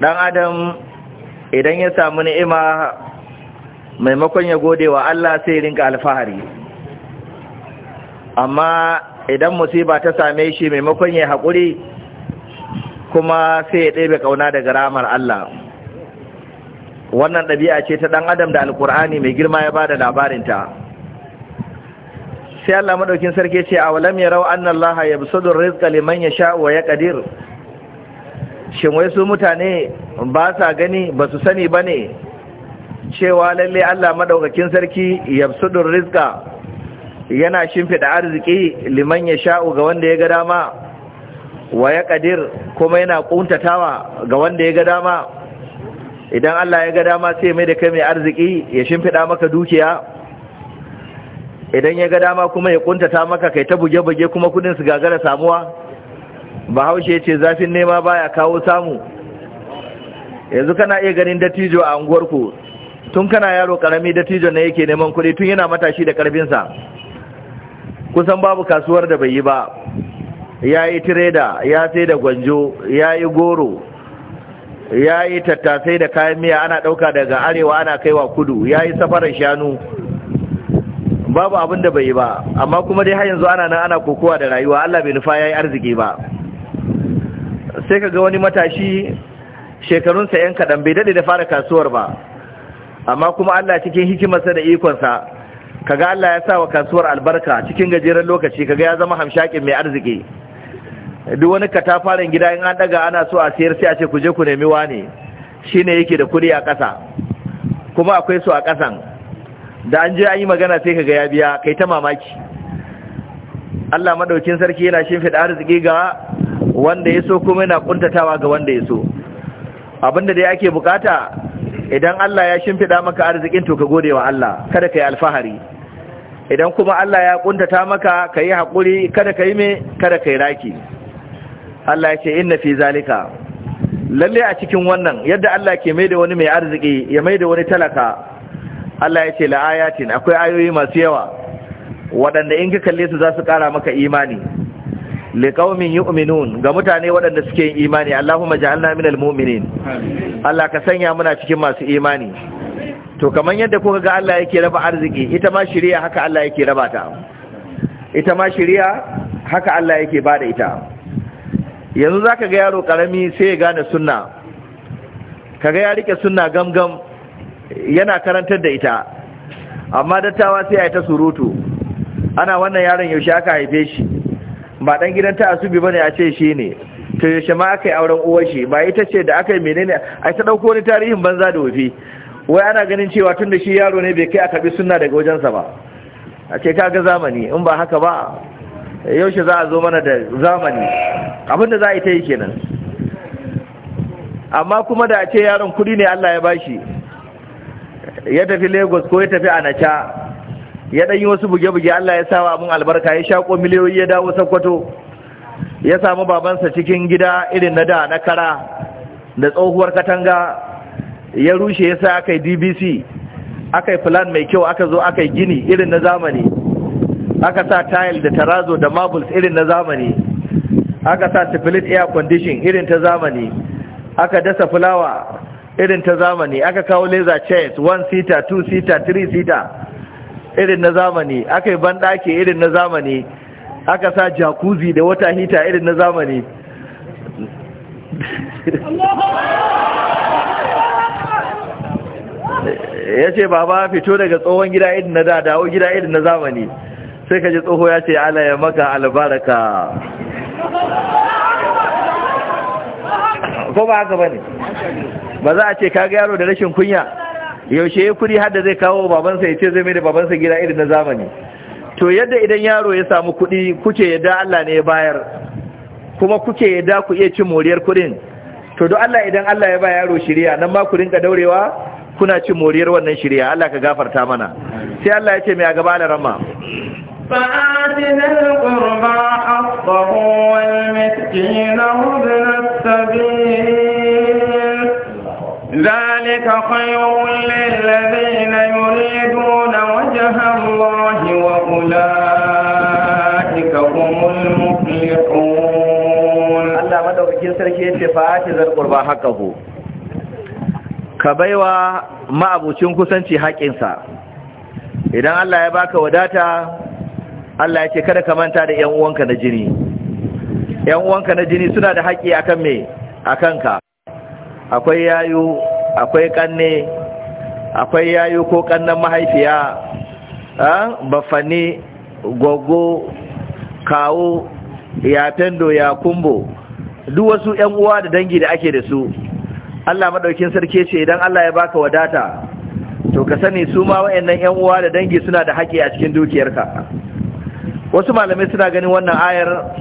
[SPEAKER 1] Ɗan adam idan ya samu ni'ima maimakon ya gode wa Allah sai rinka alfahari amma idan musiba ta same shi maimakon ya haƙuri kuma sai ya ɗebe ƙauna daga ramar Allah wannan ɗabi'a ce ta ɗan adam da alƙur'ani mai girma ya ba da labarinta sai Allah maɗaukin sarki ce a walam ya rau annan laha ya bisu don rizka liman ya sha ya ƙadir shin wai su mutane ba sa gani ba su sani ba ne cewa lalle Allah madaukakin sarki sudur rizqa yana shimfida arziki liman ya sha'u ga wanda ya ga dama wa ya kadir kuma yana kuntatawa ga wanda ya ga dama idan Allah ya ga dama sai mai da kai mai arziki ya shimfida maka dukiya idan ya ga dama kuma ya kuntata maka kai ta buge-buge kuma kudin su gagara samuwa bahaushe ce zafin nema baya kawo samu yanzu kana iya ganin dattijo a unguwarku tun kana yaro karami dattijo na yake neman kuɗi tun yana matashi da karfinsa kusan babu kasuwar da bai yi ba ya yi tireda ya sai da gwanjo ya yi goro ya yi tattasai da kayan miya ana ɗauka daga arewa ana kaiwa kudu ya yi safarar shanu babu abin da bai yi ba amma kuma dai har yanzu ana nan ana kokowa da rayuwa allah bai nufa ya yi arziki ba sai ka ga wani matashi shekarunsa yan kaɗan bai daɗe da fara kasuwar ba amma kuma Allah cikin hikimarsa da ikonsa kaga Allah ya sa wa kasuwar albarka cikin gajeren lokaci kaga ya zama hamshakin mai arziki duk wani katafaren gida in an ɗaga ana so a siyar sai a ce ku je ku nemi ne, shine yake da kuɗi a ƙasa kuma akwai su a ƙasan da an je an yi magana sai kaga ya biya kai ta mamaki Allah madaukin sarki yana shimfiɗa arziki ga wanda ya so kuma yana kuntatawa ga wanda ya so abinda dai ake bukata idan Allah ya shimfiɗa maka arzikin to ka gode wa Allah kada ka yi alfahari idan kuma Allah ya kuntata maka ka yi haƙuri kada ka yi me kada ka yi raki Allah ya ce inna fi zalika lalle a cikin wannan yadda Allah ke mai da wani mai arziki ya mai da wani talaka Allah ya ce la'ayatin akwai ayoyi masu yawa waɗanda in ka kalle su za su ƙara maka imani yi yu'minun ga mutane waɗanda suke yin imani Allahumma ja'alna minal mu'minin Allah ka sanya muna cikin masu imani to kamar yadda kuka ga Allah yake raba arziki ita ma shiriya haka Allah yake raba ta ita ma shiriya haka Allah yake bada ita yanzu zaka ga yaro karami sai ya gane sunna kaga ya rike sunna gamgam yana karantar da ita amma dattawa sai ya ta surutu ana wannan yaron yaushe aka haife shi ba dan gidan ta asubi bane a ce shi ne to yaushe ma aka yi auren uwar shi ba ita ce da aka yi menene ai ta dauko ni tarihin banza da wofi wai ana ganin cewa tun da shi yaro ne bai kai a bi sunna daga wajensa ba a ce kaga zamani in ba haka ba yaushe za a zo mana da zamani abinda za a yi ta yi kenan amma kuma da a ce yaron kudi ne Allah ya bashi ya tafi Lagos ko ya tafi Anacha ya ɗan yi wasu buge-buge Allah ya sa wa abin albarka ya shaƙo miliyoyi ya dawo sakwato ya samu babansa cikin gida irin na da na kara da tsohuwar katanga ya rushe ya sa aka yi dbc aka yi plan mai kyau aka zo aka yi gini irin na zamani aka sa tile da tarazo da marbles irin na zamani aka sa split air condition irin ta zamani aka dasa fulawa irin ta zamani aka kawo laser chairs one seater two seater three seater irin na zamani aka yi banɗaki irin na zamani aka sa jacuzzi da wata hita irin na zamani ya ce ba fito daga tsohon gida irin na dawo gida irin na zamani sai ka ji tsoho ya ce ala ya maka albaraka
[SPEAKER 3] ko ba haka ba ne
[SPEAKER 1] ba za a ce kaga yaro da rashin kunya yaushe ya kuri hada zai kawo babansa ya ce zai mai da babansa gida irin na zamani to yadda idan yaro ya samu kuɗi kuke yadda Allah ne ya bayar kuma kuke yadda ku iya cin moriyar kuɗin to don Allah idan Allah ya ba yaro shirya nan ma ku rinka daurewa kuna cin moriyar wannan shirya Allah ka gafarta mana sai Allah ya ce mai a gaba da rama
[SPEAKER 2] فآتنا القربى حقه والمسكين ذلك خير للذين يريدون وجه الله وأولئك
[SPEAKER 1] هم المفلحون الله سركي اتفاعات حقه ka baiwa ma'abucin kusanci haƙinsa idan Allah ya baka wadata Allah ya ce kada ka manta da ƴan uwanka na jini ƴan uwanka na jini suna da haƙi akan me akan ka akwai yayu akwai kanne akwai yayu ko kannan mahaifiya bafani gogo kawo ya fendo ya kumbo duk wasu yan uwa da dangi da ake da su Allah madaukin sarki ce idan Allah ya baka wadata to ka sani su ma wayannan yan uwa da dangi suna da haƙi a cikin dukiyarka wasu malamai suna ganin wannan ayar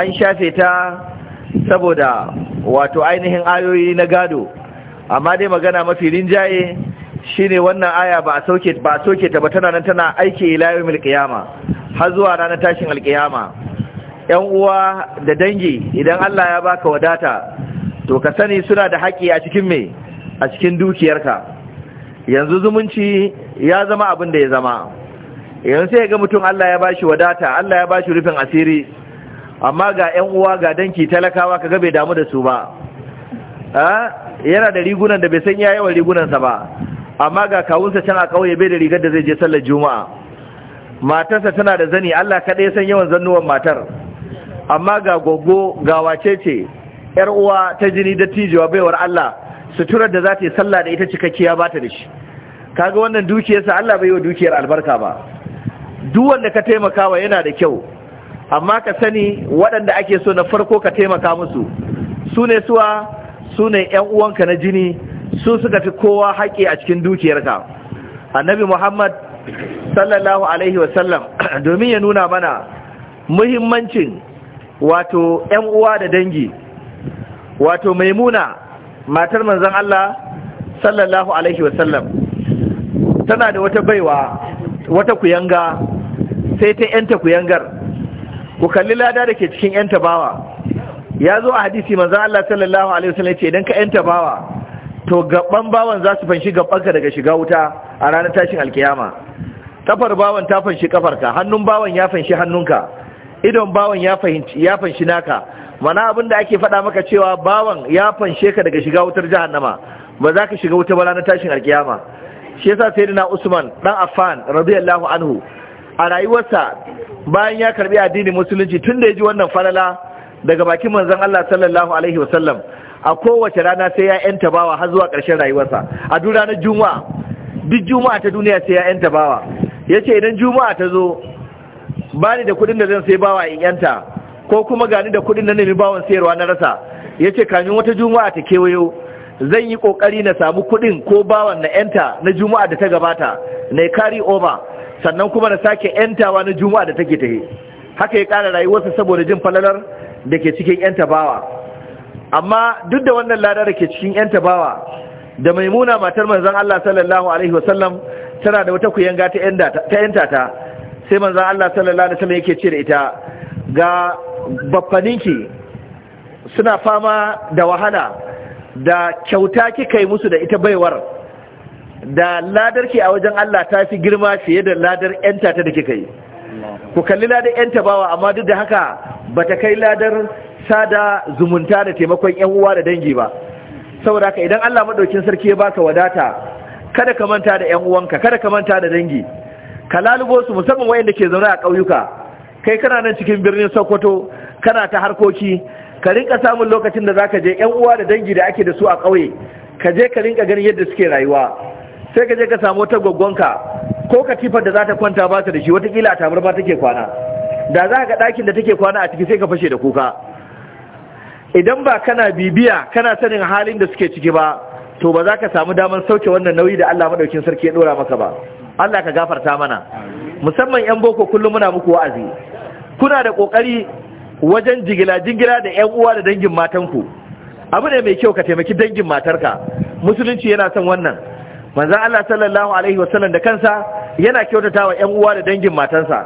[SPEAKER 1] an shafe ta saboda wato ainihin ayoyi na gado amma dai magana mafi rinjaye shine wannan aya ba a sauke ba a sauke ta ba tana nan tana aiki ila yawmil har zuwa ranar tashin alqiyama yan uwa da dangi idan Allah ya baka wadata to ka sani suna da haƙi a cikin me a cikin dukiyarka yanzu zumunci ya zama abin da ya zama yanzu sai ga mutum Allah ya bashi wadata Allah ya bashi rufin asiri amma ga yan uwa ga danki talakawa kaga bai damu da su ba ah, yana da rigunan da bai san ya yawan rigunansa ba amma ga kawunsa can a kauye bai da rigar da zai je sallar juma'a matarsa tana da zani Allah kaɗai san yawan zannuwan matar amma ga gogo ga wace ce yar uwa ta jini da baiwar Allah suturar da za ta yi sallah da ita cikakkiya ba ta da shi kaga wannan dukiyarsa Allah bai yi wa dukiyar albarka ba duk wanda ka taimaka wa yana da kyau amma ka sani waɗanda ake so na farko ka taimaka musu su ne suwa su ne ‘yan uwanka na jini su suka fi kowa haƙi a cikin dukiyarka annabi muhammad sallallahu alaihi wasallam domin ya nuna mana muhimmancin wato ‘yan uwa da dangi wato maimuna matar manzan Allah sallallahu alaihi wasallam tana da wata baiwa wata kuyanga sai ta ‘yanta kuyangar ku kalli lada da ke cikin ‘yanta bawa ya zo a hadisi manzan Allah sallallahu alaihi wasallam ce idan ka yanta bawa to gaban bawan za su fanshi gabanka daga shiga wuta a ranar tashin alkiyama kafar bawan ta fanshi kafarka hannun bawan ya fanshi hannunka idon bawan ya fanshi naka mana abin da ake fada maka cewa bawan ya fanshe ka daga shiga wutar jahannama ba za ka shiga wuta ba ranar tashin alkiyama shi yasa sayyidina Usman dan Affan radiyallahu anhu a rayuwarsa bayan ya karbi addinin musulunci tun da ya ji wannan falala daga bakin manzon Allah sallallahu alaihi wasallam a kowace rana sai ya yanta bawa har zuwa ƙarshen rayuwarsa a duk ranar juma'a duk juma'a ta duniya sai ya yanta bawa yace idan juma'a ta zo bani da kuɗin da zan sai bawa in yanta ko kuma gani da kuɗin da nemi bawan sayarwa na rasa yace kafin wata juma'a ta kewayo zan yi kokari na samu kuɗin ko bawan na yanta na juma'a da ta gabata na kari over sannan kuma na sake yantawa na juma'a da take tahe haka ya kara rayuwarsa saboda jin falalar da ke cikin 'yan tabawa amma duk da wannan lada da ke cikin 'yan tabawa da maimuna matar manzan Allah sallallahu alaihi wasallam tana da wata kuyanga ta 'yan tata sai manzan Allah sallallahu alaihi wasallam yake ce da ita ga baffaninki suna fama da wahala da kyauta kika yi musu da ita baiwar da ladarki a wajen Allah ta fi girma fiye da ladar 'yan tata da kika yi ku kalli ladar yan tabawa amma duk da haka ba ta kai ladar sada zumunta da taimakon yan uwa da dangi ba saboda haka idan Allah madaukin sarki ya baka wadata kada ka manta da yan uwanka kada ka manta da dangi ka lalubo su musamman wayanda ke zaune a ƙauyuka kai kana nan cikin birnin Sokoto kana ta harkoki ka rinka samun lokacin da zaka je yan uwa da dangi da ake da su a ƙauye ka je ka rinka ganin yadda suke rayuwa sai ka je ka samu wata gwaggonka ko katifar da za ta kwanta ba ta da shi watakila a tamar ba take kwana da za ka ɗakin da take kwana a ciki sai ka fashe da kuka idan ba kana bibiya kana sanin halin da suke ciki ba to ba za ka samu damar sauke wannan nauyi da Allah madaukin sarki ya dora maka ba Allah ka gafarta mana musamman yan boko kullum muna muku wa'azi kuna da kokari wajen jigila jingila da yan uwa da dangin matanku abu ne mai kyau ka taimaki dangin matarka musulunci yana son wannan manzan Allah sallallahu alaihi wasallam da kansa yana kyautata wa ƴan uwa da dangin matansa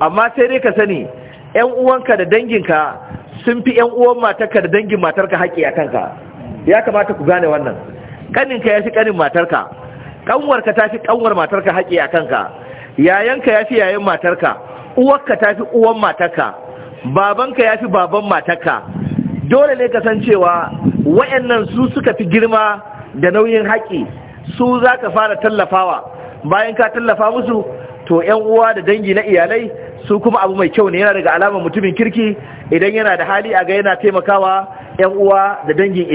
[SPEAKER 1] amma sai dai ka sani ƴan uwanka da danginka sun fi uwan matarka da dangin matarka haƙƙi a kanka ya kamata ku gane wannan Ƙaninka ya fi ƙanin matarka ƙanwarka ta fi ƙanwar matarka haƙƙi a kanka yayanka ya fi yayan matarka uwarka ta fi uwan matarka babanka ya fi baban matarka dole ne cewa wayannan su suka fi girma da nauyin haƙƙi su za ka fara tallafawa bayan ka tallafa musu to yan uwa da dangi na iyalai su kuma abu mai kyau ne yana daga alamar mutumin kirki idan yana da hali a ga yana taimakawa yan uwa da dangin